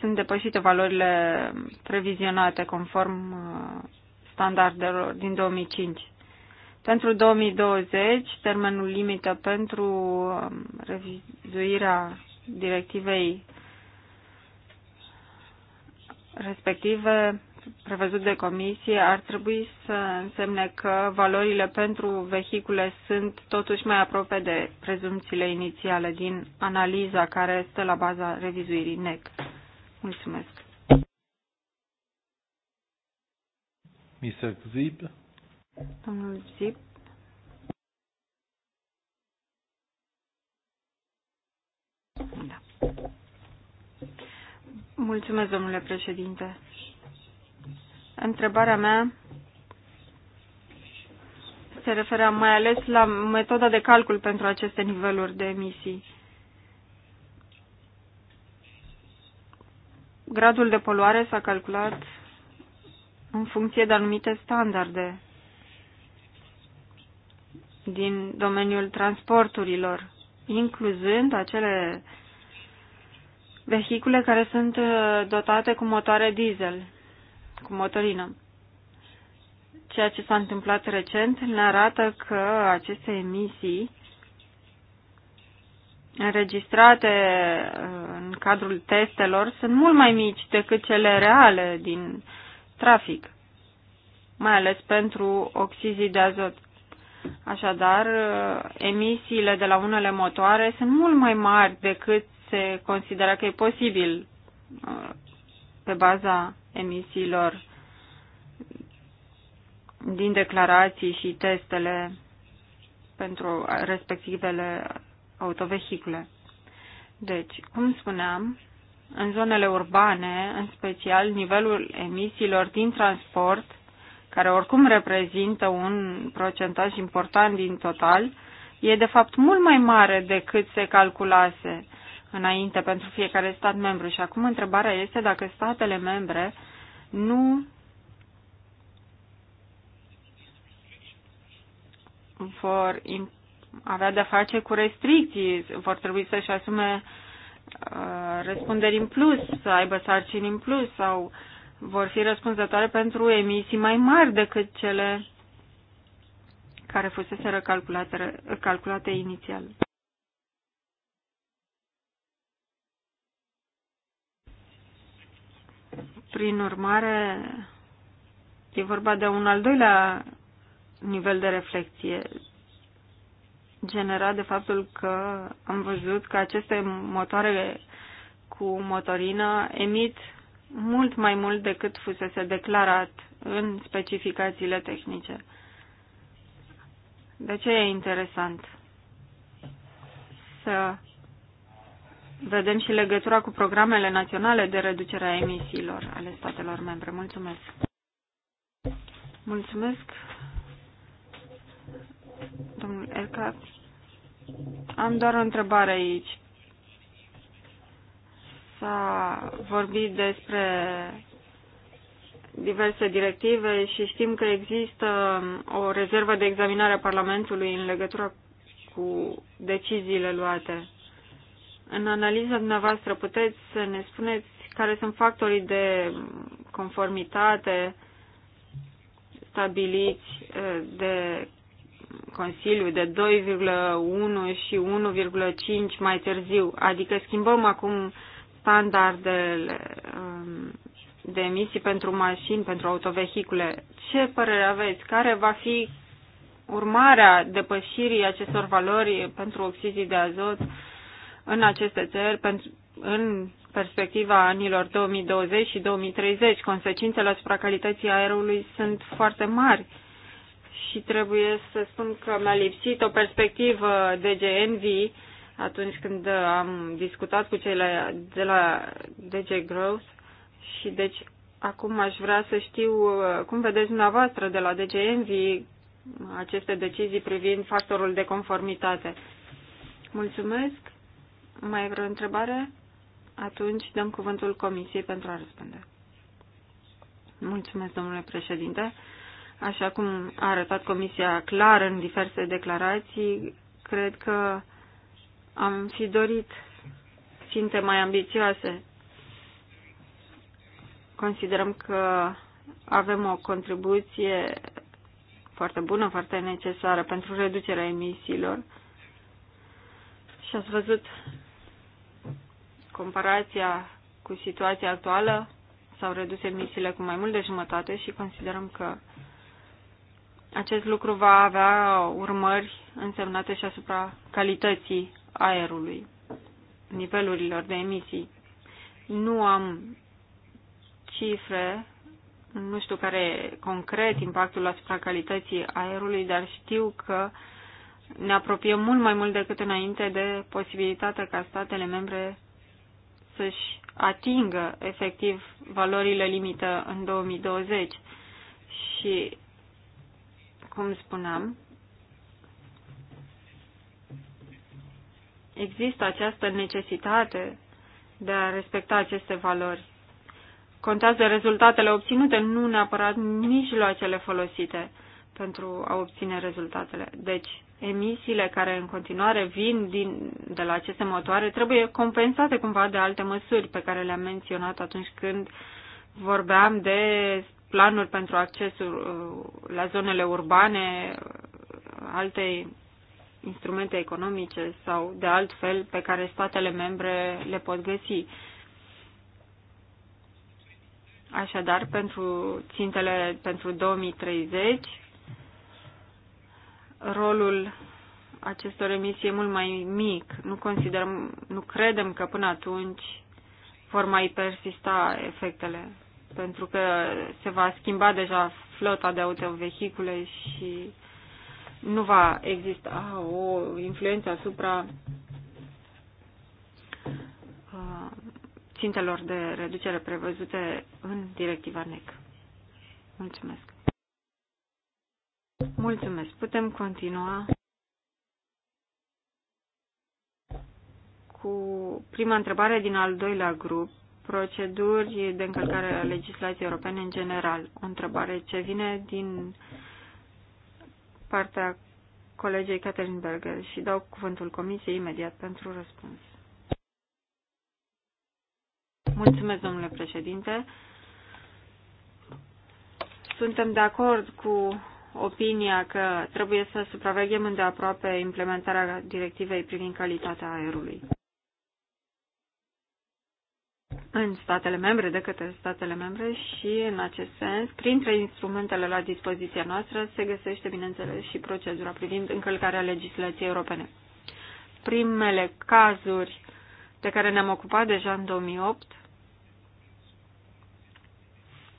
sunt depășite valorile previzionate conform uh, standardelor din 2005. Pentru 2020, termenul limită pentru um, revizuirea directivei respective prevăzut de comisie ar trebui să însemne că valorile pentru vehicule sunt totuși mai aproape de prezumțiile inițiale din analiza care stă la baza revizuirii NEC. Mulțumesc. Mr. Zib. Domnul Zib. Da. Mulțumesc, domnule președinte. Întrebarea mea se referea mai ales la metoda de calcul pentru aceste niveluri de emisii. Gradul de poluare s-a calculat în funcție de anumite standarde din domeniul transporturilor incluzând acele vehicule care sunt uh, dotate cu motoare diesel, cu motorină. Ceea ce s-a întâmplat recent ne arată că aceste emisii înregistrate uh, în cadrul testelor sunt mult mai mici decât cele reale din trafic, mai ales pentru oxizii de azot. Așadar, emisiile de la unele motoare sunt mult mai mari decât se considera că e posibil uh, pe baza emisiilor din declarații și testele pentru respectivele autovehicule. Deci, cum spuneam, în zonele urbane, în special, nivelul emisiilor din transport care oricum reprezintă un procentaj important din total, e de fapt mult mai mare decât se calculase înainte pentru fiecare stat membru. Și acum întrebarea este dacă statele membre nu vor avea de face cu restricții, vor trebui să-și asume uh, răspunderi în plus, să aibă sarcini în plus sau uh, vor fi răspunzătoare pentru emisii mai mari decât cele care fusese calculate, calculate inițial. Prin urmare, e vorba de un al doilea nivel de reflexie generat de faptul că am văzut că aceste motoare cu motorină emit mult mai mult decât fusese declarat în specificațiile tehnice. De ce e interesant să vedem și legătura cu programele naționale de reducere a emisiilor ale statelor membre. Mulțumesc! Mulțumesc, domnul Ercat. Am doar o întrebare aici. S-a vorbit despre diverse directive și știm că există o rezervă de examinare a Parlamentului în legătură cu deciziile luate. În analiza dumneavoastră puteți să ne spuneți care sunt factorii de conformitate stabiliți eh, de Consiliu de 2,1 și 1,5 mai târziu, adică schimbăm acum standardele um, de emisii pentru mașini, pentru autovehicule. Ce părere aveți? Care va fi urmarea depășirii acestor valori pentru oxizii de azot în aceste țări pentru, în perspectiva anilor 2020 și 2030? Consecințele asupra calității aerului sunt foarte mari și trebuie să spun că mi-a lipsit o perspectivă de GNV atunci când am discutat cu cei de la DG Growth și deci acum aș vrea să știu uh, cum vedeți dumneavoastră de la DG Envy aceste decizii privind factorul de conformitate. Mulțumesc. Mai e vreo întrebare? Atunci dăm cuvântul Comisiei pentru a răspunde. Mulțumesc, domnule președinte. Așa cum a arătat Comisia clar în diverse declarații, cred că am fi dorit ținte mai ambițioase. Considerăm că avem o contribuție foarte bună, foarte necesară pentru reducerea emisiilor. Și ați văzut comparația cu situația actuală, s-au redus emisiile cu mai mult de jumătate și considerăm că acest lucru va avea urmări însemnate și asupra calității aerului, nivelurilor de emisii. Nu am cifre, nu știu care e concret impactul asupra calității aerului, dar știu că ne apropiem mult mai mult decât înainte de posibilitatea ca statele membre să-și atingă efectiv valorile limită în 2020. Și, cum spuneam, există această necesitate de a respecta aceste valori. Contează rezultatele obținute, nu neapărat mijloacele folosite pentru a obține rezultatele. Deci, emisiile care în continuare vin din, de la aceste motoare trebuie compensate cumva de alte măsuri pe care le-am menționat atunci când vorbeam de planuri pentru accesul uh, la zonele urbane, uh, alte instrumente economice sau de altfel pe care statele membre le pot găsi. Așadar, pentru țintele pentru 2030, rolul acestor emisii e mult mai mic. Nu, considerăm, nu credem că până atunci vor mai persista efectele, pentru că se va schimba deja flota de autovehicule și nu va exista o influență asupra uh, țintelor de reducere prevăzute în directiva NEC. Mulțumesc. Mulțumesc. Putem continua cu prima întrebare din al doilea grup, proceduri de încălcare a legislației europene în general. O întrebare ce vine din partea colegei Catherine Berger și dau cuvântul comisiei imediat pentru răspuns. Mulțumesc, domnule președinte. Suntem de acord cu opinia că trebuie să supraveghem îndeaproape implementarea directivei privind calitatea aerului în statele membre, de către statele membre și, în acest sens, printre instrumentele la dispoziția noastră se găsește, bineînțeles, și procedura privind încălcarea legislației europene. Primele cazuri de care ne-am ocupat deja în 2008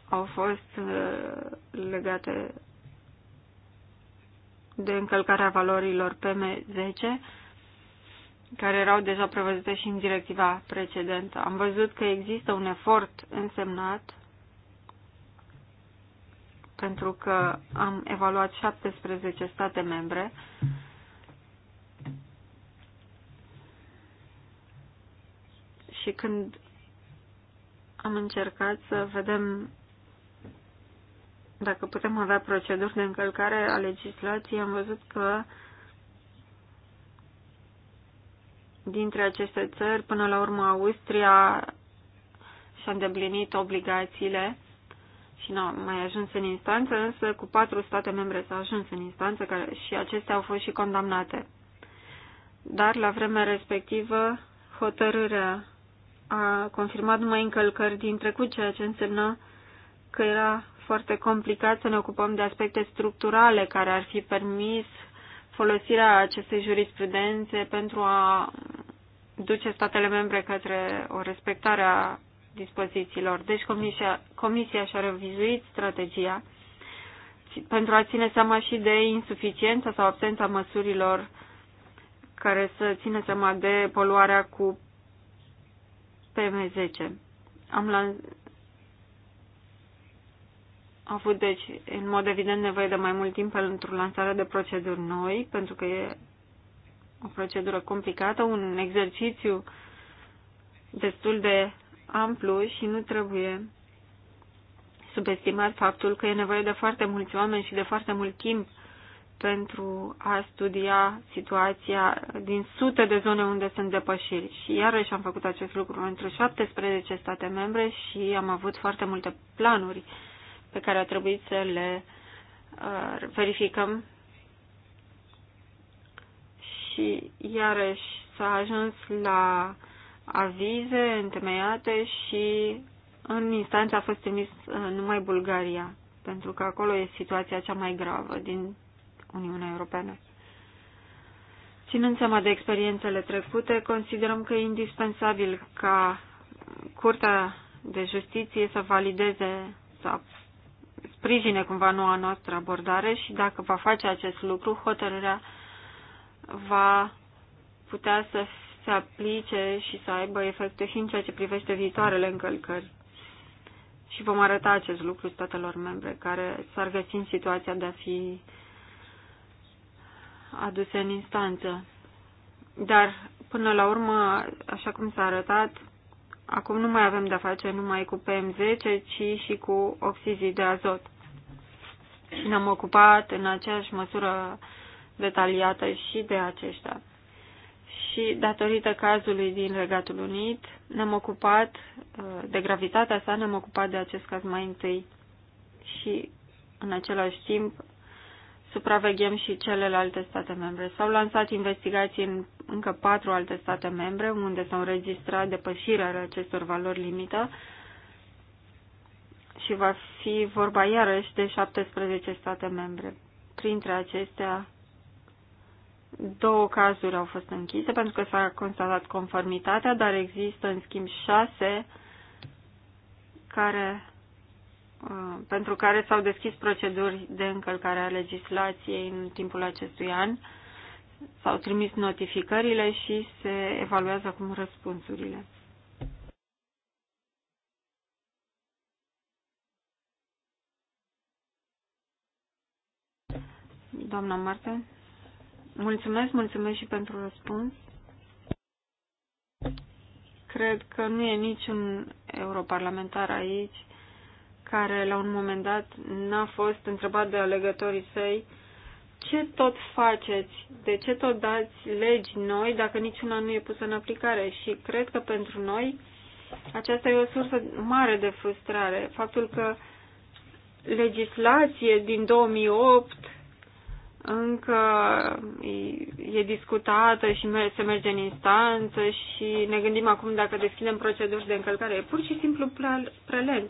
au fost uh, legate de încălcarea valorilor PM10 care erau deja prevăzute și în directiva precedentă. Am văzut că există un efort însemnat pentru că am evaluat 17 state membre și când am încercat să vedem dacă putem avea proceduri de încălcare a legislației, am văzut că uh, dintre aceste țări, până la urmă Austria și-a îndeplinit obligațiile și nu a mai ajuns în instanță, însă cu patru state membre s-a ajuns în instanță care, și acestea au fost și condamnate. Dar la vremea respectivă hotărârea a confirmat numai încălcări din trecut, ceea ce însemna că era foarte complicat să ne ocupăm de aspecte structurale care ar fi permis folosirea acestei jurisprudențe pentru a duce statele membre către o respectare a dispozițiilor. Deci Comisia, comisia și-a revizuit strategia pentru a ține seama și de insuficiența sau absența măsurilor care să țină seama de poluarea cu PM10. Am lans... avut, deci, în mod evident, nevoie de mai mult timp pentru lansarea de proceduri noi, pentru că e o procedură complicată, un exercițiu destul de amplu și nu trebuie subestimat faptul că e nevoie de foarte mulți oameni și de foarte mult timp pentru a studia situația din sute de zone unde sunt depășiri. Și iarăși am făcut acest lucru între 17 state membre și am avut foarte multe planuri pe care a trebuit să le uh, verificăm și iarăși s-a ajuns la avize întemeiate și în instanță a fost trimis uh, numai Bulgaria, pentru că acolo e situația cea mai gravă din Uniunea Europeană. Ținând seama de experiențele trecute, considerăm că e indispensabil ca Curtea de Justiție să valideze, să sprijine cumva noua noastră abordare și dacă va face acest lucru, hotărârea va putea să se aplice și să aibă efecte și în ceea ce privește viitoarele încălcări. Și vom arăta acest lucru statelor membre care s-ar găsi în situația de a fi aduse în instanță. Dar, până la urmă, așa cum s-a arătat, acum nu mai avem de-a face numai cu PM10, ci și cu oxizii de azot. Și ne-am ocupat în aceeași măsură detaliată și de aceștia. Și datorită cazului din Regatul Unit, ne-am ocupat uh, de gravitatea sa, ne-am ocupat de acest caz mai întâi și în același timp supraveghem și celelalte state membre. S-au lansat investigații în încă patru alte state membre unde s-au înregistrat depășirea acestor valori limită și va fi vorba iarăși de 17 state membre. Printre acestea Două cazuri au fost închise pentru că s-a constatat conformitatea, dar există în schimb șase care, uh, pentru care s-au deschis proceduri de încălcare a legislației în timpul acestui an, s-au trimis notificările și se evaluează acum răspunsurile. Doamna Marta? Mulțumesc, mulțumesc și pentru răspuns. Cred că nu e niciun europarlamentar aici care la un moment dat n-a fost întrebat de alegătorii săi ce tot faceți, de ce tot dați legi noi dacă niciuna nu e pusă în aplicare și cred că pentru noi aceasta e o sursă mare de frustrare. Faptul că legislație din 2008 încă e discutată și se merge în instanță și ne gândim acum dacă deschidem proceduri de încălcare. E pur și simplu prea, lent.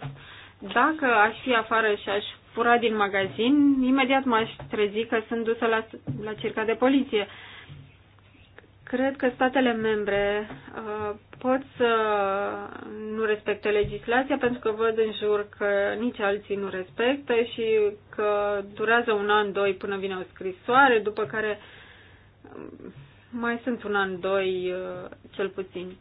Dacă aș fi afară și aș fura din magazin, imediat m-aș trezi că sunt dusă la, la circa de poliție. Uh, Cred că statele membre uh, pot să nu respecte legislația pentru că văd în jur că nici alții nu respectă și că durează un an, doi până vine o scrisoare, după care um, mai sunt un an, doi uh, cel puțin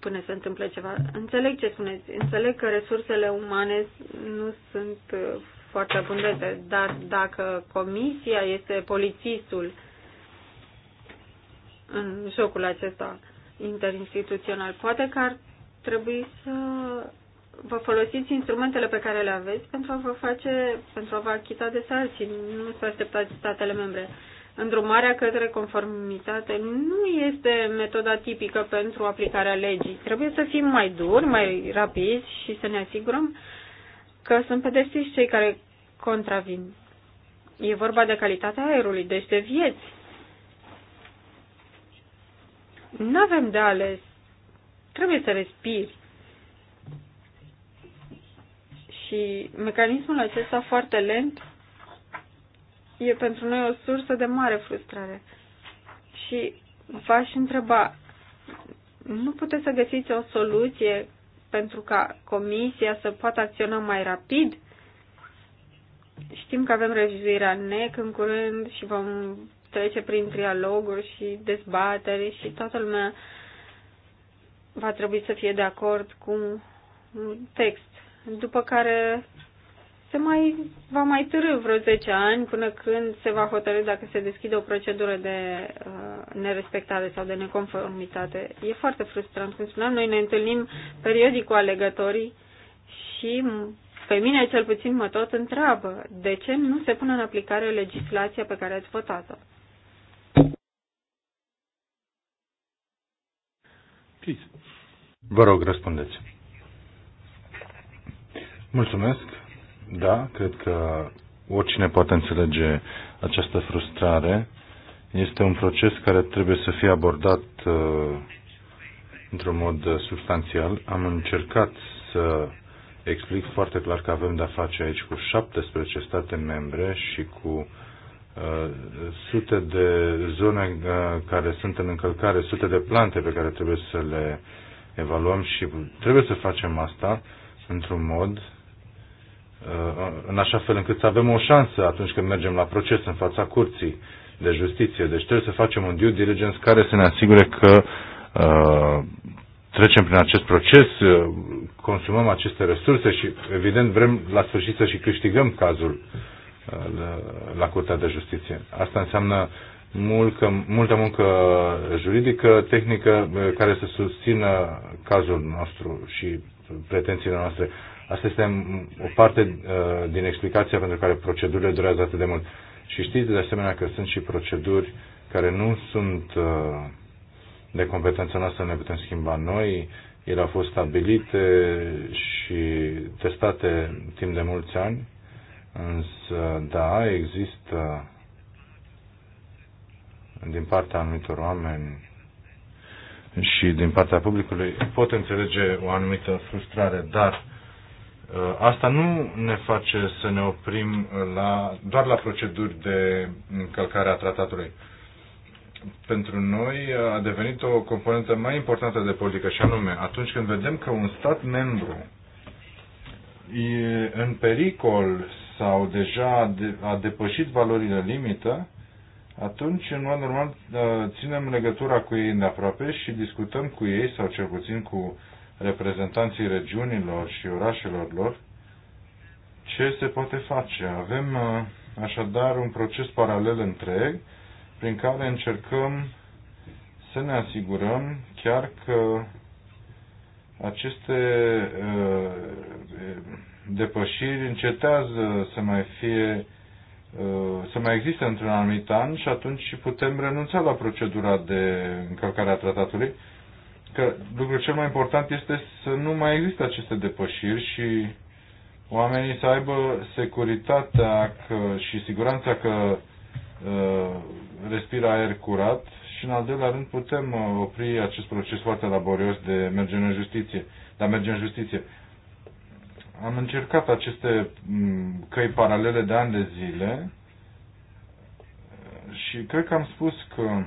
până se întâmplă ceva. Înțeleg ce spuneți, înțeleg că resursele umane nu sunt uh, foarte abundente, dar dacă comisia este polițistul în jocul acesta interinstituțional. Poate că ar trebui să vă folosiți instrumentele pe care le aveți pentru a vă face, pentru a vă achita de sarcini, nu să așteptați statele membre. Îndrumarea către conformitate nu este metoda tipică pentru aplicarea legii. Trebuie să fim mai duri, mai rapizi și să ne asigurăm că sunt pedepsiți cei care contravin. E vorba de calitatea aerului, deci de vieți nu avem de ales. Trebuie să respiri. Și mecanismul acesta foarte lent e pentru noi o sursă de mare frustrare. Și v-aș întreba, nu puteți să găsiți o soluție pentru ca comisia să poată acționa mai rapid? Știm că avem revizuirea NEC în curând și vom trece prin trialoguri și dezbateri și toată lumea va trebui să fie de acord cu un text. După care se mai, va mai târâ vreo 10 ani până când se va hotărâ dacă se deschide o procedură de uh, nerespectare sau de neconformitate. E foarte frustrant. Cum spuneam, noi ne întâlnim periodic cu alegătorii și pe mine cel puțin mă tot întreabă de ce nu se pune în aplicare legislația pe care ați votat-o. scris. Vă rog, răspundeți. Mulțumesc. Da, cred că oricine poate înțelege această frustrare. Este un proces care trebuie să fie abordat uh, într-un mod uh, substanțial. Am încercat să explic foarte clar că avem de-a face aici cu 17 state membre și cu Uh, sute de zone uh, care sunt în încălcare, sute de plante pe care trebuie să le evaluăm și trebuie să facem asta într-un mod uh, în așa fel încât să avem o șansă atunci când mergem la proces în fața curții de justiție. Deci trebuie să facem un due diligence care să ne asigure că trecem prin acest proces, consumăm aceste resurse și evident vrem la sfârșit să și câștigăm cazul uh, la Curtea de Justiție. Asta înseamnă multă, multă muncă juridică, tehnică, care să susțină cazul nostru și pretențiile noastre. Asta este o parte uh, din explicația pentru care procedurile durează atât de mult. Și știți de asemenea că sunt și proceduri care nu sunt uh, de competența noastră, ne putem schimba noi. Ele au fost stabilite și testate timp de mulți ani Însă, da, există din partea anumitor oameni și din partea publicului pot înțelege o anumită frustrare, dar uh, asta nu ne face să ne oprim la, doar la proceduri de încălcare a tratatului. Pentru noi uh, a devenit o componentă mai importantă de politică și anume atunci când vedem că un stat membru e în pericol sau deja a depășit valorile limită, atunci, în mod normal, ă, ținem legătura cu ei îndeaproape și discutăm cu ei, sau cel puțin cu reprezentanții regiunilor și orașelor lor, ce se poate face. Avem ă, așadar un proces paralel întreg prin care încercăm să ne asigurăm chiar că aceste ă, depășiri încetează să mai fie uh, să mai existe într-un anumit an și atunci putem renunța la procedura de încălcare a tratatului, că lucrul cel mai important este să nu mai există aceste depășiri și oamenii să aibă securitatea că, și siguranța că uh, respiră aer curat și în al doilea rând putem uh, opri acest proces foarte laborios de merge în justiție, Dar merge în justiție. Am încercat aceste mm, căi paralele de ani de zile și cred că am spus că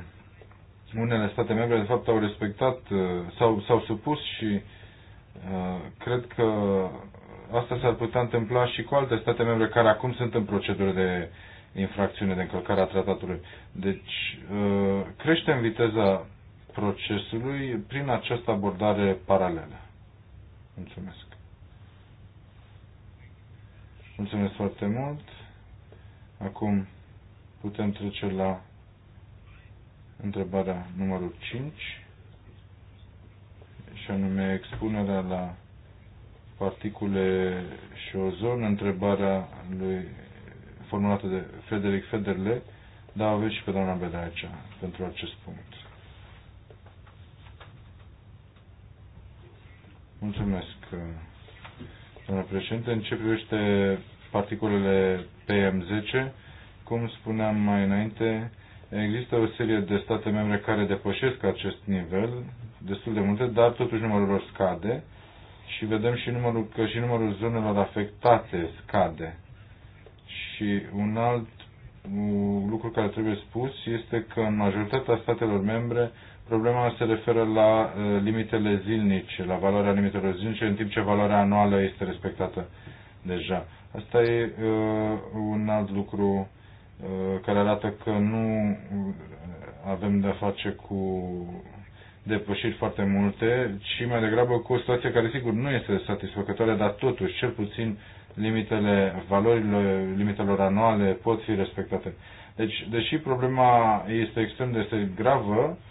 unele state membre de fapt au respectat, uh, s-au, s-au supus și uh, cred că asta s-ar putea întâmpla și cu alte state membre care acum sunt în procedură de infracțiune, de încălcare a tratatului. Deci uh, creștem viteza procesului prin această abordare paralelă. Mulțumesc. Mulțumesc foarte mult. Acum putem trece la întrebarea numărul 5 și anume expunerea la particule și ozon, întrebarea lui formulată de Frederic Federle, dar aveți și pe doamna Belea aici pentru acest punct. Mulțumesc. Uh, domnule președinte, în ce privește particulele PM10, cum spuneam mai înainte, există o serie de state membre care depășesc acest nivel, destul de multe, dar totuși numărul lor scade și vedem și numărul, că și numărul zonelor afectate scade. Și un alt lucru care trebuie spus este că în majoritatea statelor membre Problema se referă la limitele zilnice, la valoarea limitelor zilnice, în timp ce valoarea anuală este respectată deja. Asta e uh, un alt lucru uh, care arată că nu avem de-a face cu depășiri foarte multe, ci mai degrabă cu o situație care sigur nu este satisfăcătoare, dar totuși, cel puțin, limitele valorilor, limitelor anuale pot fi respectate. Deci, deși problema este extrem de gravă, uh,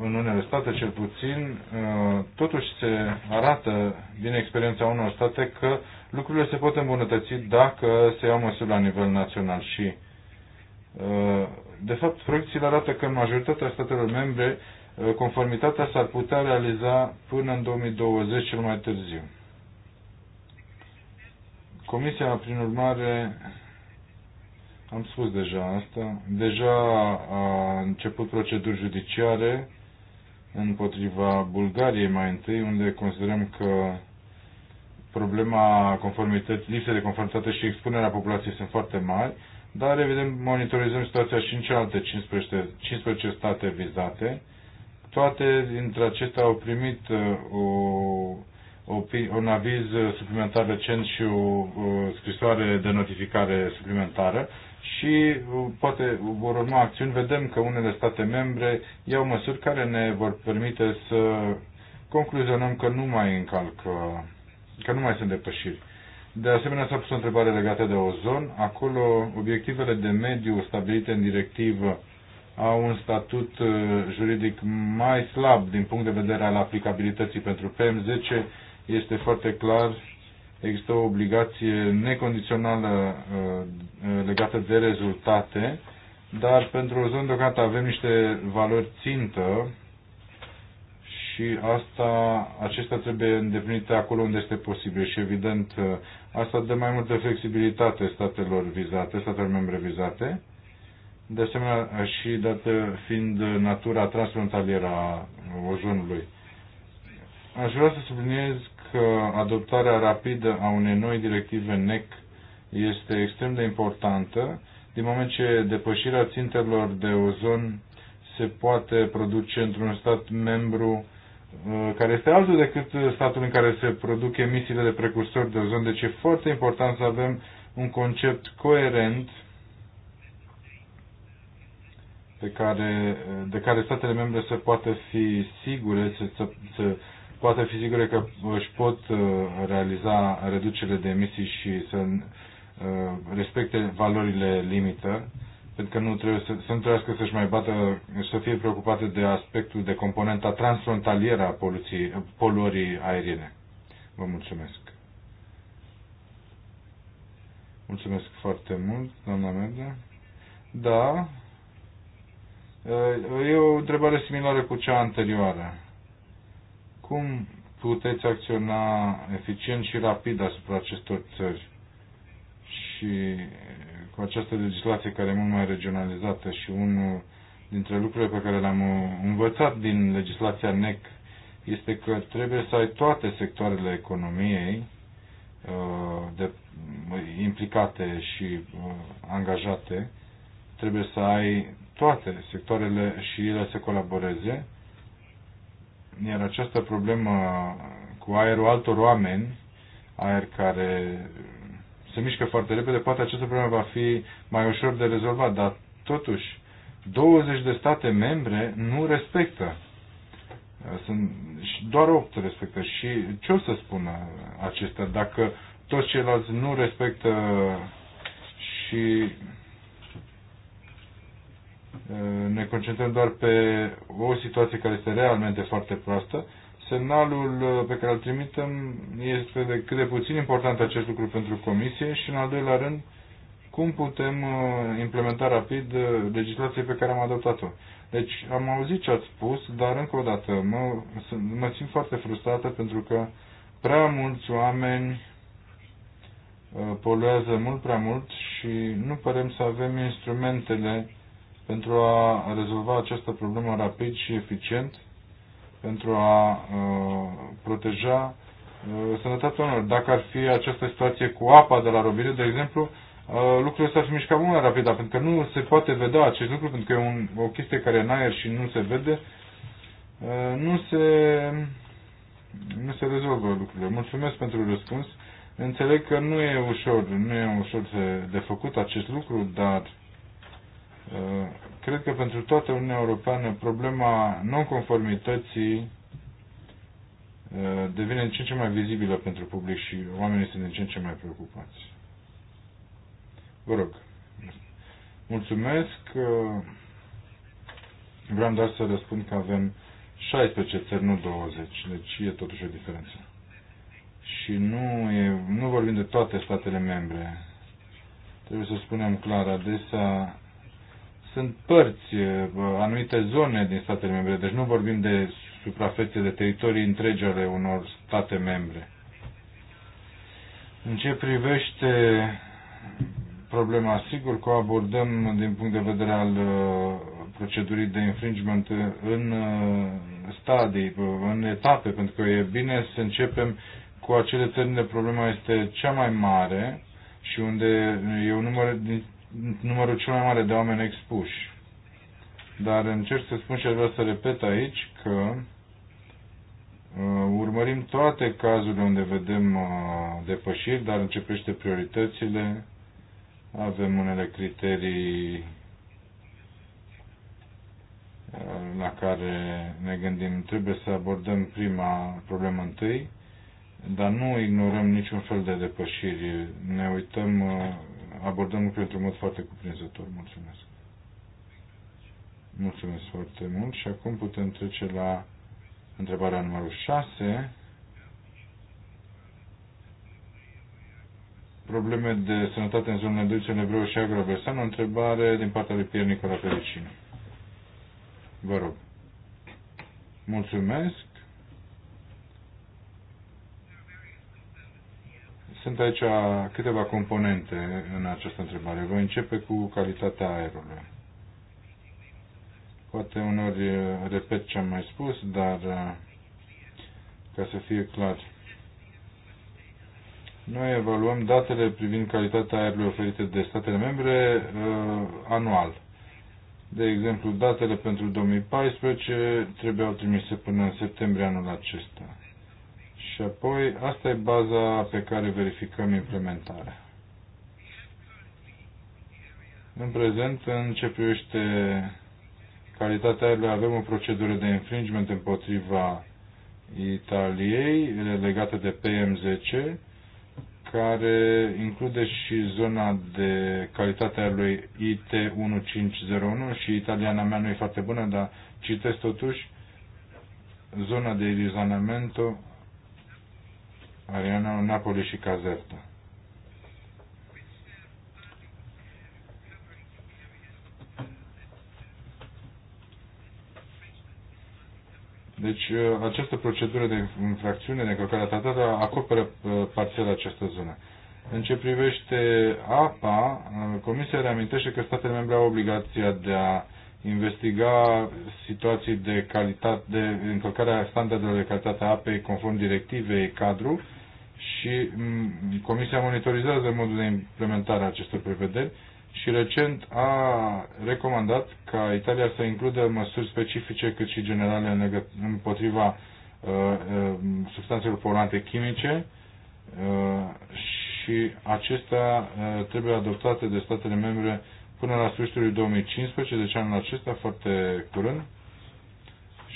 în unele state cel puțin, uh, totuși se arată din experiența unor state că lucrurile se pot îmbunătăți dacă se iau măsuri la nivel național și uh, de fapt, proiecțiile arată că în majoritatea statelor membre uh, conformitatea s-ar putea realiza până în 2020 cel mai târziu. Comisia, prin urmare, am spus deja asta. Deja a început proceduri judiciare împotriva Bulgariei mai întâi, unde considerăm că problema conformității, lipsa de conformitate și expunerea populației sunt foarte mari, dar evident monitorizăm situația și în celelalte 15, 15 state vizate. Toate dintre acestea au primit uh, o, o, un aviz suplimentar recent și o, o scrisoare de notificare suplimentară și uh, poate uh, vor urma acțiuni. Vedem că unele state membre iau măsuri care ne vor permite să concluzionăm că nu mai încalcă, că nu mai sunt depășiri. De asemenea, s-a pus o întrebare legată de ozon. Acolo, obiectivele de mediu stabilite în directivă au un statut uh, juridic mai slab din punct de vedere al aplicabilității pentru PM10. Este foarte clar există o obligație necondițională uh, uh, legată de rezultate, dar pentru o zonă deocamdată avem niște valori țintă și asta, acesta trebuie îndeplinite acolo unde este posibil și evident uh, asta dă mai multă flexibilitate statelor vizate, statelor membre vizate. De asemenea, și dată fiind natura transfrontalieră a ozonului. Aș vrea să subliniez că adoptarea rapidă a unei noi directive NEC este extrem de importantă, din moment ce depășirea țintelor de ozon se poate produce într-un stat membru uh, care este altul decât statul în care se produc emisiile de precursori de ozon. Deci e foarte important să avem un concept coerent pe care, de care statele membre să poată fi sigure, să, să, să poate fi sigure că își pot uh, realiza reducerile de emisii și să uh, respecte valorile limită, pentru că nu trebuie să, să nu trebuiască să-și mai bată, să fie preocupate de aspectul de componenta transfrontalieră a poluții, poluării aeriene. Vă mulțumesc. Mulțumesc foarte mult, doamna Medea. Da. E o întrebare similară cu cea anterioară. Cum puteți acționa eficient și rapid asupra acestor țări? Și eh, cu această legislație care e mult mai regionalizată și unul dintre lucrurile pe care le-am eh, învățat din legislația NEC este că trebuie să ai toate sectoarele economiei eh, de, implicate și angajate, trebuie să ai toate sectoarele și ele să colaboreze iar această problemă cu aerul altor oameni, aer care se mișcă foarte repede, poate această problemă va fi mai ușor de rezolvat, dar totuși 20 de state membre nu respectă. Sunt doar 8 respectă. Și ce o să spună acestea dacă toți ceilalți nu respectă și Eh, ne concentrăm doar pe o situație care este realmente foarte proastă, semnalul eh, pe care îl trimitem este de cât de puțin important acest lucru pentru Comisie și, în al doilea rând, cum putem eh, implementa rapid legislația pe care am adoptat-o. Deci am auzit ce ați spus, dar încă o dată mă, mă simt foarte frustrată pentru că prea mulți oameni poluează mult prea mult și nu părem să avem instrumentele pentru a rezolva această problemă rapid și eficient, pentru a uh, proteja uh, sănătatea oamenilor. Dacă ar fi această situație cu apa de la robire, de exemplu, uh, lucrurile s-ar fi mișcat mult mai rapid, dar pentru că nu se poate vedea acest lucru, pentru că e un, o chestie care e în aer și nu se vede, uh, nu se, nu se rezolvă lucrurile. Mulțumesc pentru răspuns. Înțeleg că nu e ușor, nu e ușor de, de făcut acest lucru, dar uh, Eh, cred că pentru toată Uniunea Europeană problema nonconformității eh, devine din ce în ce mai vizibilă pentru public și oamenii sunt din ce în ce mai preocupați. Vă rog. Mulțumesc. Eh, vreau doar să răspund că avem 16 țări, nu 20. Deci e totuși o diferență. Și nu, e, nu vorbim de toate statele membre. Trebuie să spunem clar, adesea sunt părți, eh, anumite zone din statele membre, deci nu vorbim de suprafețe de teritorii întregi ale unor state membre. În ce privește problema, sigur că o abordăm din punct de vedere al eh, procedurii de infringement în eh, stadii, în etape, pentru că e bine să începem cu acele țări unde problema este cea mai mare și unde e un număr numărul cel mai mare de oameni expuși. Dar încerc să spun și vreau să repet aici că uh, urmărim toate cazurile unde vedem uh, depășiri, dar începește prioritățile. Avem unele criterii uh, la care ne gândim. Trebuie să abordăm prima problemă întâi, dar nu ignorăm niciun fel de depășiri. Ne uităm abordăm lucrurile într-un mod foarte cuprinzător. Mulțumesc! Mulțumesc foarte mult și acum putem trece la întrebarea numărul 6. Probleme de sănătate în zonele de Cenebreu și Agroversan, o întrebare din partea lui Pierre Nicola Pericini. Vă rog. Mulțumesc. Sunt aici câteva componente în această întrebare. Voi începe cu calitatea aerului. Poate unori repet ce am mai spus, dar ca să fie clar. Noi evaluăm datele privind calitatea aerului oferite de statele membre anual. De exemplu, datele pentru 2014 trebuiau trimise până în septembrie anul acesta. Și apoi, asta e baza pe care verificăm implementarea. În prezent, în ce privește calitatea aerului, avem o procedură de infringement împotriva Italiei legată de PM10, care include și zona de calitatea aerului lui IT1501 și italiana mea nu e foarte bună, dar citesc totuși zona de irizanamento Ariana, Napoli și Caserta. Deci uh, această procedură de infracțiune de încălcare a acoperă uh, parțial această zonă. În ce privește APA, uh, Comisia reamintește că statele membre au obligația de a investiga situații de calitate, de încălcarea standardelor de calitate a apei conform directivei cadru și mm, Comisia monitorizează modul de implementare a acestor prevederi și recent a recomandat ca Italia să includă măsuri specifice cât și generale împotriva uh, uh, substanțelor poluante chimice uh, și acestea trebuie adoptate de statele membre până la sfârșitul 2015, deci anul acesta, foarte curând,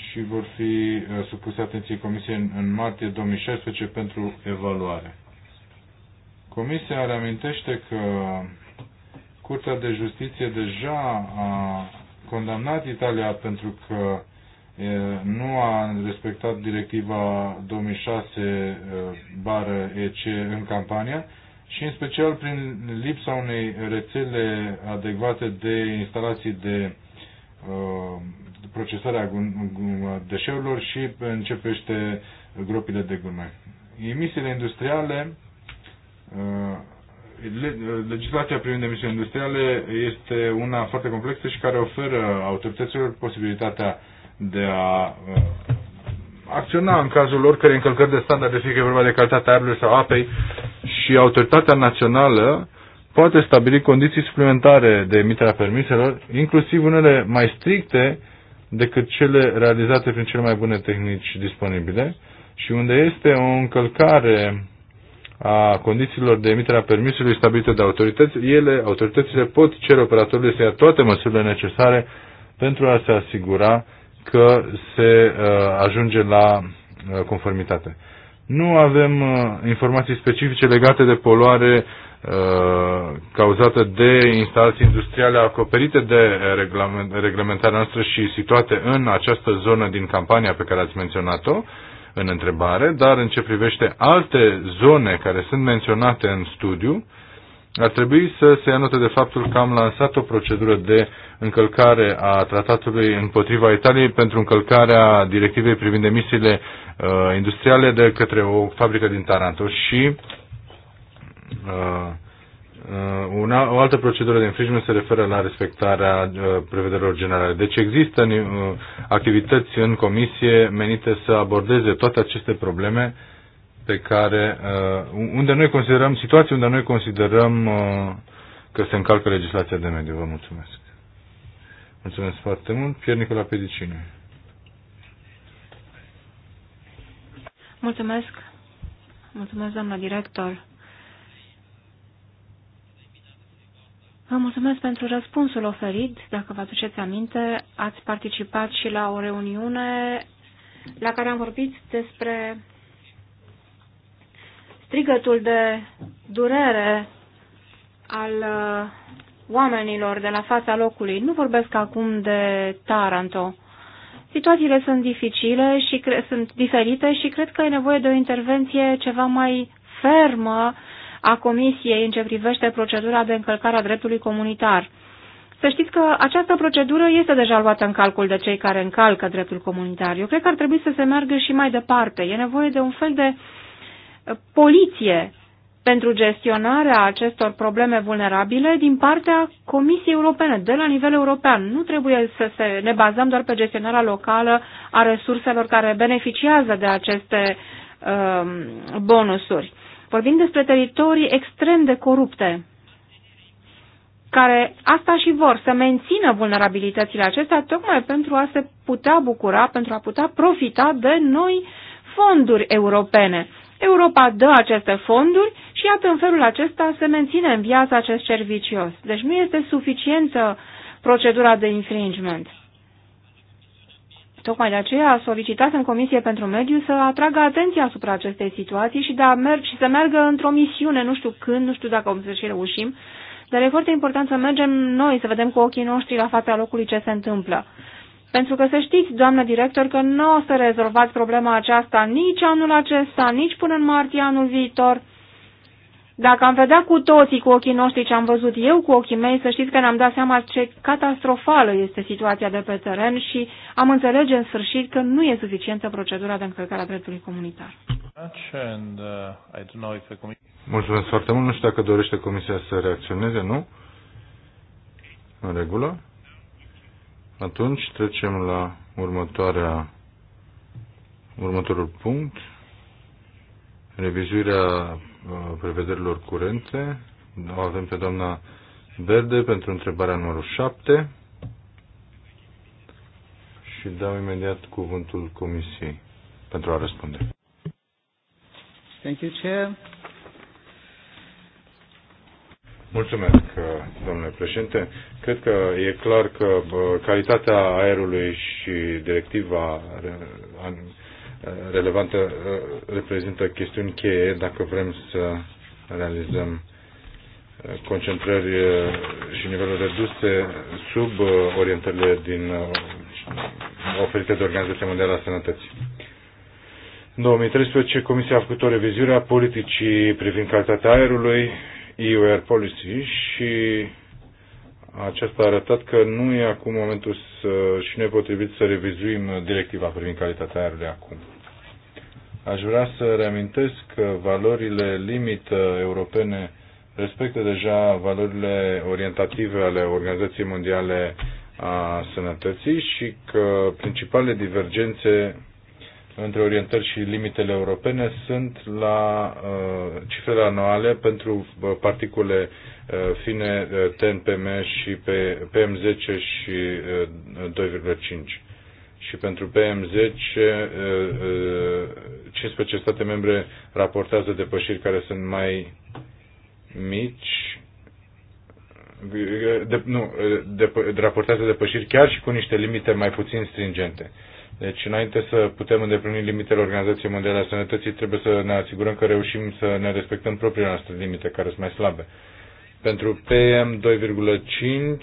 și vor fi uh, supuse atenției Comisiei în, în martie 2016 pentru evaluare. Comisia reamintește că Curtea de Justiție deja a condamnat Italia pentru că nu a respectat directiva 2006 uh, bară EC în campania și în special prin lipsa unei rețele adecvate de instalații de uh, procesarea deșeurilor și începește gropile de gunoi. Emisiile industriale, uh, legislația privind emisiile industriale este una foarte complexă și care oferă autorităților posibilitatea de a uh, acționa în cazul oricărei încălcări de standarde, fie că e vorba de calitatea aerului sau apei, și autoritatea națională poate stabili condiții suplimentare de emiterea permiselor, inclusiv unele mai stricte decât cele realizate prin cele mai bune tehnici disponibile și unde este o încălcare a condițiilor de emitere a permisului stabilite de autorități, ele, autoritățile pot cere operatorului să ia toate măsurile necesare pentru a se asigura că se uh, ajunge la uh, conformitate. Nu avem uh, informații specifice legate de poluare uh, cauzată de instalații industriale acoperite de reglementarea noastră și situate în această zonă din campania pe care ați menționat-o în întrebare, dar în ce privește alte zone care sunt menționate în studiu, ar trebui să se ia de faptul că am lansat o procedură de încălcare a tratatului împotriva Italiei pentru încălcarea directivei privind emisiile uh, industriale de către o fabrică din Taranto și uh, uh una, o altă procedură de infringement se referă la respectarea uh, prevederilor generale. Deci există uh, activități în comisie menite să abordeze toate aceste probleme uh, pe care, uh, unde noi considerăm, situații unde noi considerăm uh, că se încalcă legislația de mediu. Vă mulțumesc. Mulțumesc foarte mult. Pier Nicola Pedicini. Mulțumesc. Mulțumesc, doamna director. Vă mulțumesc pentru răspunsul oferit. Dacă vă aduceți aminte, ați participat și la o reuniune la care am vorbit despre strigătul de durere al uh, oamenilor de la fața locului. Nu vorbesc acum de Taranto. Situațiile sunt dificile și sunt diferite și cred că e nevoie de o intervenție ceva mai fermă a Comisiei în ce privește procedura de încălcare a dreptului comunitar. Să știți că această procedură este deja luată în calcul de cei care încalcă dreptul comunitar. Eu cred că ar trebui să se meargă și mai departe. E nevoie de un fel de uh, poliție pentru gestionarea acestor probleme vulnerabile din partea Comisiei Europene, de la nivel european. Nu trebuie să se, ne bazăm doar pe gestionarea locală a resurselor care beneficiază de aceste um, bonusuri. Vorbim despre teritorii extrem de corupte, care asta și vor, să mențină vulnerabilitățile acestea tocmai pentru a se putea bucura, pentru a putea profita de noi fonduri europene. Europa dă aceste fonduri și iată în felul acesta se menține în viață acest cer vicios. Deci nu este suficientă procedura de infringement. Tocmai de aceea a solicitat în Comisie pentru Mediu să atragă atenția asupra acestei situații și, de a merge, și să meargă într-o misiune, nu știu când, nu știu dacă o să și reușim, dar e foarte important să mergem noi, să vedem cu ochii noștri la fața locului ce se întâmplă. Pentru că să știți, doamnă director, că nu o să rezolvați problema aceasta nici anul acesta, nici până în martie anul viitor. Dacă am vedea cu toții cu ochii noștri ce am văzut eu cu ochii mei, să știți că ne-am dat seama ce catastrofală este situația de pe teren și am înțelege în sfârșit că nu e suficientă procedura de încălcare a dreptului comunitar. Mulțumesc foarte mult. Nu știu dacă dorește Comisia să reacționeze, nu? În regulă? Atunci trecem la următoarea, următorul punct, revizuirea uh, prevederilor curente. O avem pe doamna Verde pentru întrebarea numărul 7 și dau imediat cuvântul Comisiei pentru a răspunde. Thank you, Chair. Mulțumesc, uh, domnule președinte. Cred că e clar că uh, calitatea aerului și directiva uh, relevantă reprezintă chestiuni cheie dacă vrem să realizăm concentrări și niveluri reduse sub orientările din oferite de Organizația Mondială a Sănătății. În 2013, Comisia a făcut o revizuire a politicii privind calitatea aerului EU Air Policy și aceasta a arătat că nu e acum momentul să, și nu e potrivit să revizuim directiva privind calitatea aerului acum. Aș vrea să reamintesc că valorile limită europene respectă deja valorile orientative ale Organizației Mondiale a Sănătății și că principalele divergențe între orientări și limitele europene sunt la uh, cifrele anuale pentru uh, particule uh, fine uh, TNPM și pe PM10 și uh, 2,5. Și pentru PM10, 15 uh, uh, state membre raportează depășiri care sunt mai mici de, nu, de, de, raportează depășiri chiar și cu niște limite mai puțin stringente. Deci, înainte să putem îndeplini limitele Organizației Mondiale a Sănătății, trebuie să ne asigurăm că reușim să ne respectăm propriile noastre limite, care sunt mai slabe. Pentru PM2,5,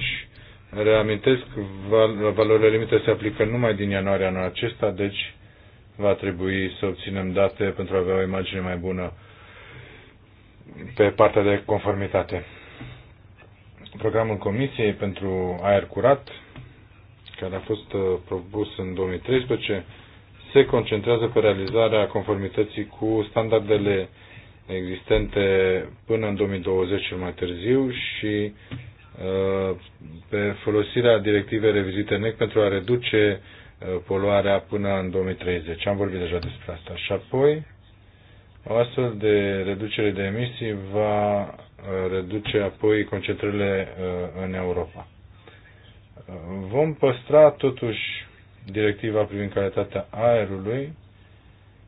reamintesc, val valorile limite se aplică numai din ianuarie anul acesta, deci va trebui să obținem date pentru a avea o imagine mai bună pe partea de conformitate. Programul Comisiei pentru aer curat care a fost uh, propus în 2013 se concentrează pe realizarea conformității cu standardele existente până în 2020 cel mai târziu și uh, pe folosirea directivei revizite NEC pentru a reduce uh, poluarea până în 2030. Am vorbit deja despre asta. Și apoi, o astfel de reducere de emisii va reduce apoi concentrările în Europa. Vom păstra totuși directiva privind calitatea aerului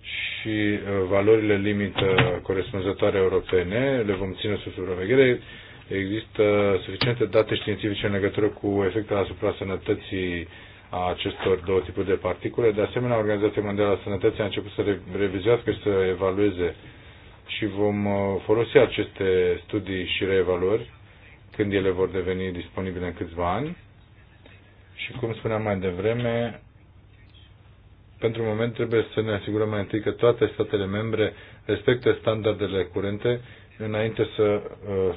și uh, valorile limită corespunzătoare europene, le vom ține sub supraveghere. Există suficiente date științifice în legătură cu efectele asupra sănătății a acestor două tipuri de particule. De asemenea, Organizația Mondială a Sănătății a început să revizuiască și să evalueze și vom uh, folosi aceste studii și reevaluări când ele vor deveni disponibile în câțiva ani și cum spuneam mai devreme, pentru moment trebuie să ne asigurăm mai întâi că toate statele membre respectă standardele curente înainte să uh,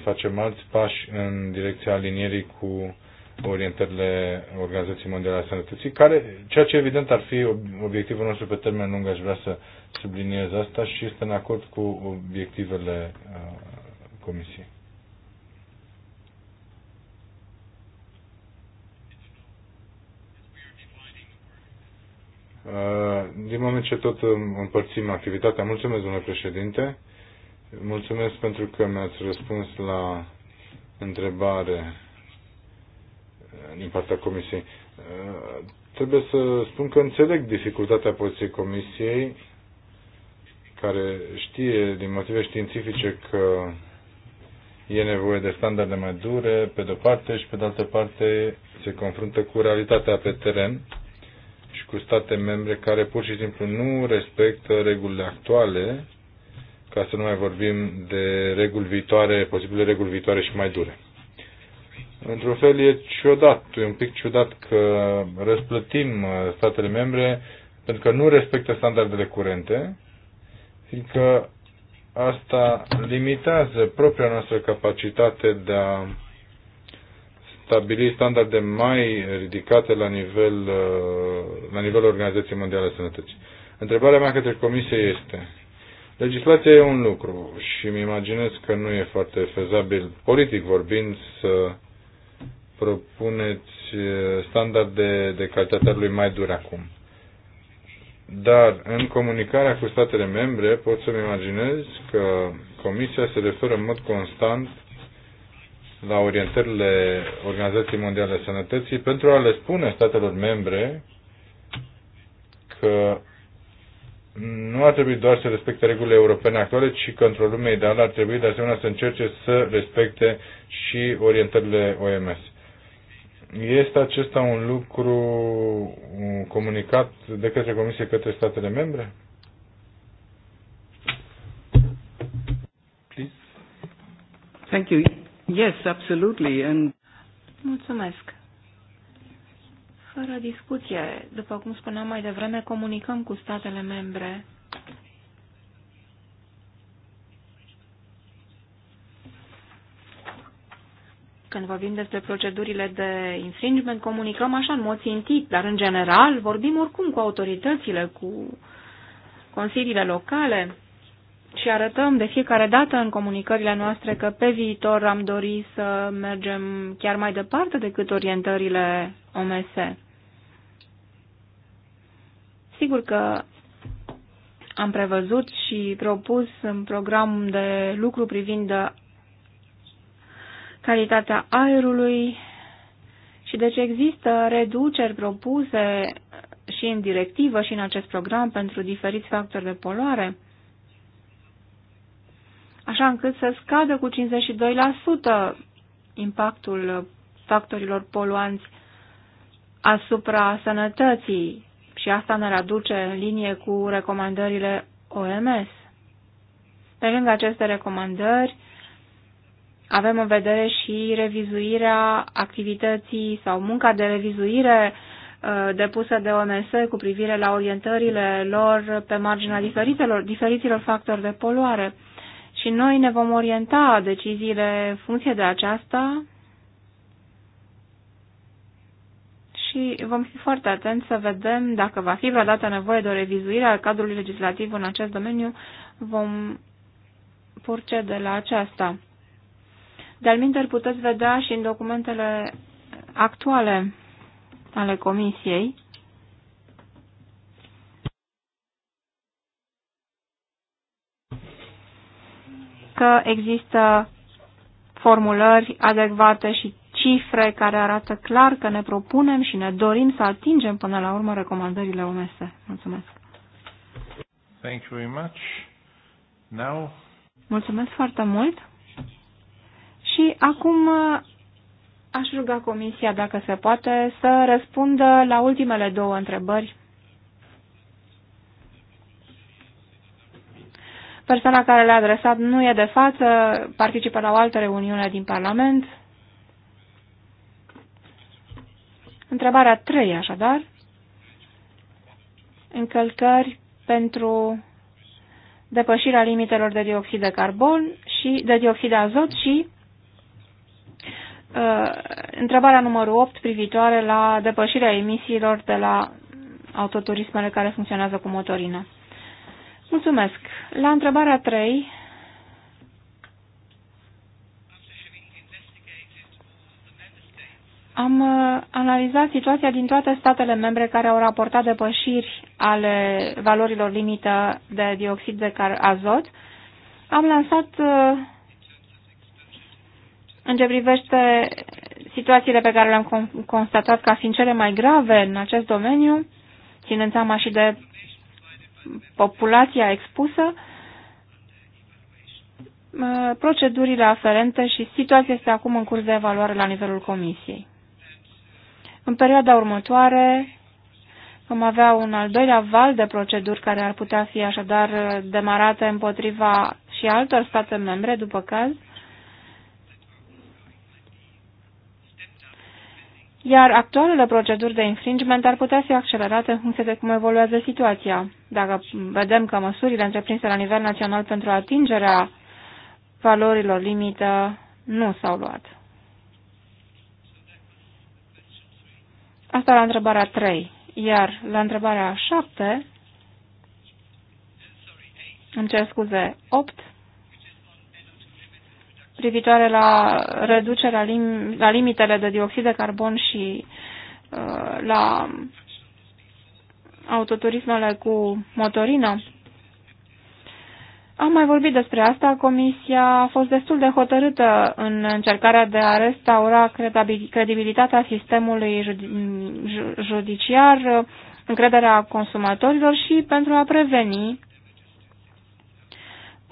facem alți pași în direcția alinierii cu orientările Organizației Mondiale a Sănătății, care, ceea ce evident ar fi obiectivul nostru pe termen lung, aș vrea să subliniez asta și este în acord cu obiectivele uh, Comisiei. Uh, din moment ce tot împărțim activitatea, mulțumesc, domnule președinte, mulțumesc pentru că mi-ați răspuns la întrebare uh, din partea Comisiei. Uh, trebuie să spun că înțeleg dificultatea poziției Comisiei, care știe din motive științifice că e nevoie de standarde mai dure, pe de-o parte, și pe de altă parte se confruntă cu realitatea pe teren cu state membre care pur și simplu nu respectă regulile actuale, ca să nu mai vorbim de reguli viitoare, posibile reguli viitoare și mai dure. Într-un fel e ciudat, e un pic ciudat că răsplătim uh, statele membre pentru că nu respectă standardele curente, fiindcă asta limitează propria noastră capacitate de a stabili standarde mai ridicate la, nivel, uh, la nivelul Organizației Mondiale a Sănătății. Întrebarea mea către Comisie este, legislația e un lucru și îmi imaginez că nu e foarte fezabil, politic vorbind, să propuneți uh, standarde de calitate a lui mai dure acum. Dar în comunicarea cu statele membre pot să-mi imaginez că Comisia se referă în mod constant la orientările Organizației Mondiale a Sănătății pentru a le spune statelor membre că nu ar trebui doar să respecte regulile europene actuale, ci că într-o lume ideală ar trebui de asemenea să încerce să respecte și orientările OMS. Este acesta un lucru comunicat de către Comisie către statele membre? Please. Thank you. Yes, absolutely. And... Mulțumesc. Fără discuție, după cum spuneam mai devreme, comunicăm cu statele membre. Când vorbim despre procedurile de infringement, comunicăm așa în mod țintit, dar în general vorbim oricum cu autoritățile, cu consiliile locale și arătăm de fiecare dată în comunicările noastre că pe viitor am dori să mergem chiar mai departe decât orientările OMS. Sigur că am prevăzut și propus în program de lucru privind calitatea aerului și deci există reduceri propuse și în directivă și în acest program pentru diferiți factori de poluare așa încât să scadă cu 52% impactul factorilor poluanți asupra sănătății și asta ne aduce în linie cu recomandările OMS. Pe lângă aceste recomandări, avem în vedere și revizuirea activității sau munca de revizuire uh, depusă de OMS cu privire la orientările lor pe marginea diferitelor, diferiților factori de poluare. Și noi ne vom orienta deciziile în funcție de aceasta și vom fi foarte atenți să vedem dacă va fi vreodată nevoie de o revizuire a cadrului legislativ în acest domeniu, vom purce de la aceasta. De-al minter puteți vedea și în documentele actuale ale Comisiei că există formulări adecvate și cifre care arată clar că ne propunem și ne dorim să atingem până la urmă recomandările OMS. Mulțumesc. Thank you very much. Now... Mulțumesc foarte mult. Și acum uh, aș ruga Comisia, dacă se poate, să răspundă la ultimele două întrebări Persoana care le-a adresat nu e de față, participă la o altă reuniune din Parlament. Întrebarea 3, așadar. Încălcări pentru depășirea limitelor de dioxid de carbon și de dioxid de azot și uh, întrebarea numărul 8 privitoare la depășirea emisiilor de la autoturismele care funcționează cu motorină. Mulțumesc. La întrebarea 3, Am uh, analizat situația din toate statele membre care au raportat depășiri ale valorilor limită de dioxid de azot. Am lansat, uh, în ce privește situațiile pe care le-am constatat ca fiind cele mai grave în acest domeniu, ținând seama și de populația expusă, procedurile aferente și situația este acum în curs de evaluare la nivelul comisiei. În perioada următoare vom avea un al doilea val de proceduri care ar putea fi așadar demarate împotriva și altor state membre, după caz, iar actualele proceduri de infringement ar putea fi accelerate în funcție de cum evoluează situația. Dacă vedem că măsurile întreprinse la nivel național pentru atingerea valorilor limită nu s-au luat. Asta la întrebarea 3. Iar la întrebarea 7, îmi cer scuze, 8, privitoare la reducerea lim la limitele de dioxid de carbon și uh, la autoturismele cu motorină. Am mai vorbit despre asta. Comisia a fost destul de hotărâtă în încercarea de a restaura credibilitatea sistemului judiciar, încrederea consumatorilor și pentru a preveni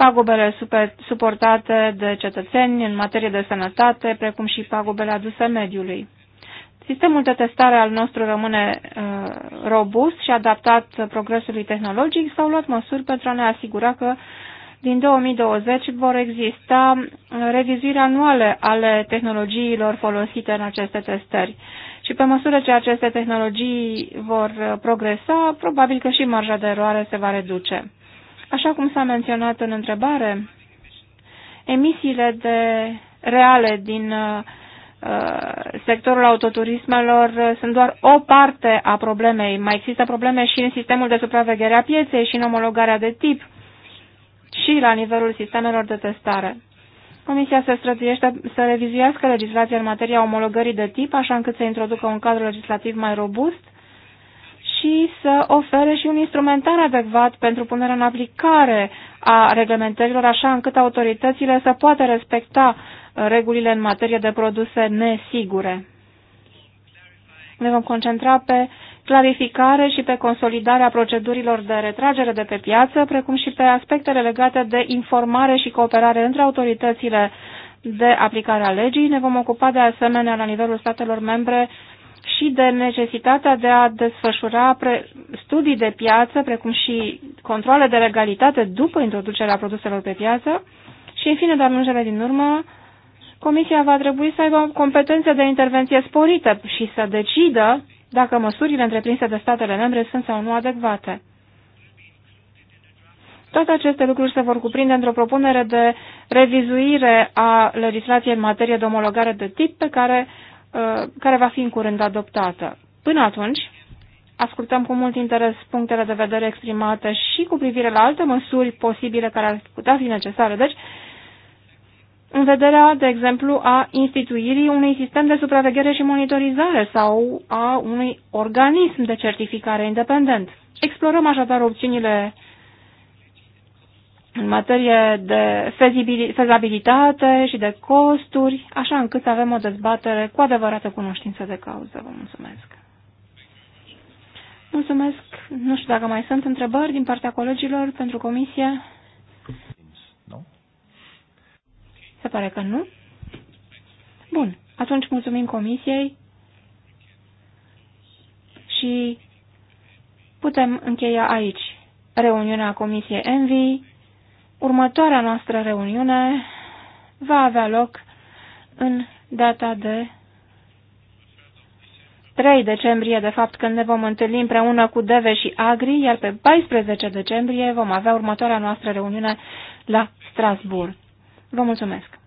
pagubele super, suportate de cetățeni în materie de sănătate, precum și pagubele aduse mediului. Sistemul de testare al nostru rămâne uh, robust și adaptat progresului tehnologic. S-au luat măsuri pentru a ne asigura că din 2020 vor exista uh, revizuiri anuale ale tehnologiilor folosite în aceste testări. Și pe măsură ce aceste tehnologii vor uh, progresa, probabil că și marja de eroare se va reduce. Așa cum s-a menționat în întrebare, emisiile de reale din uh, uh sectorul autoturismelor uh, sunt doar o parte a problemei. Mai există probleme și în sistemul de supraveghere a pieței și în omologarea de tip și la nivelul sistemelor de testare. Comisia se străduiește să revizuiască legislația în materia omologării de tip, așa încât să introducă un cadru legislativ mai robust și să ofere și un instrumentar adecvat pentru punerea în aplicare a reglementărilor, așa încât autoritățile să poată respecta uh, regulile în materie de produse nesigure. Ne vom concentra pe clarificare și pe consolidarea procedurilor de retragere de pe piață, precum și pe aspectele legate de informare și cooperare între autoritățile de aplicare a legii. Ne vom ocupa de asemenea la nivelul statelor membre și de necesitatea de a desfășura studii de piață, precum și controle de legalitate după introducerea produselor pe piață. Și, în fine, dar în cele din urmă, Comisia va trebui să aibă competențe de intervenție sporită și să decidă dacă măsurile întreprinse de statele membre sunt sau nu adecvate. Toate aceste lucruri se vor cuprinde într-o propunere de revizuire a legislației în materie de omologare de tip pe care Uh, care va fi în curând adoptată. Până atunci, ascultăm cu mult interes punctele de vedere exprimate și cu privire la alte măsuri posibile care ar putea fi necesare. Deci, în vederea, de exemplu, a instituirii unui sistem de supraveghere și monitorizare sau a unui organism de certificare independent. Explorăm așadar opțiunile în materie de fezabilitate și de costuri, așa încât să avem o dezbatere cu adevărată cunoștință de cauză. Vă mulțumesc! Mulțumesc! Nu știu dacă mai sunt întrebări din partea colegilor pentru comisie. Se pare că nu. Bun, atunci mulțumim comisiei și putem încheia aici reuniunea comisiei Envy Următoarea noastră reuniune va avea loc în data de 3 decembrie, de fapt, când ne vom întâlni împreună cu Deve și Agri, iar pe 14 decembrie vom avea următoarea noastră reuniune la Strasbourg. Vă mulțumesc!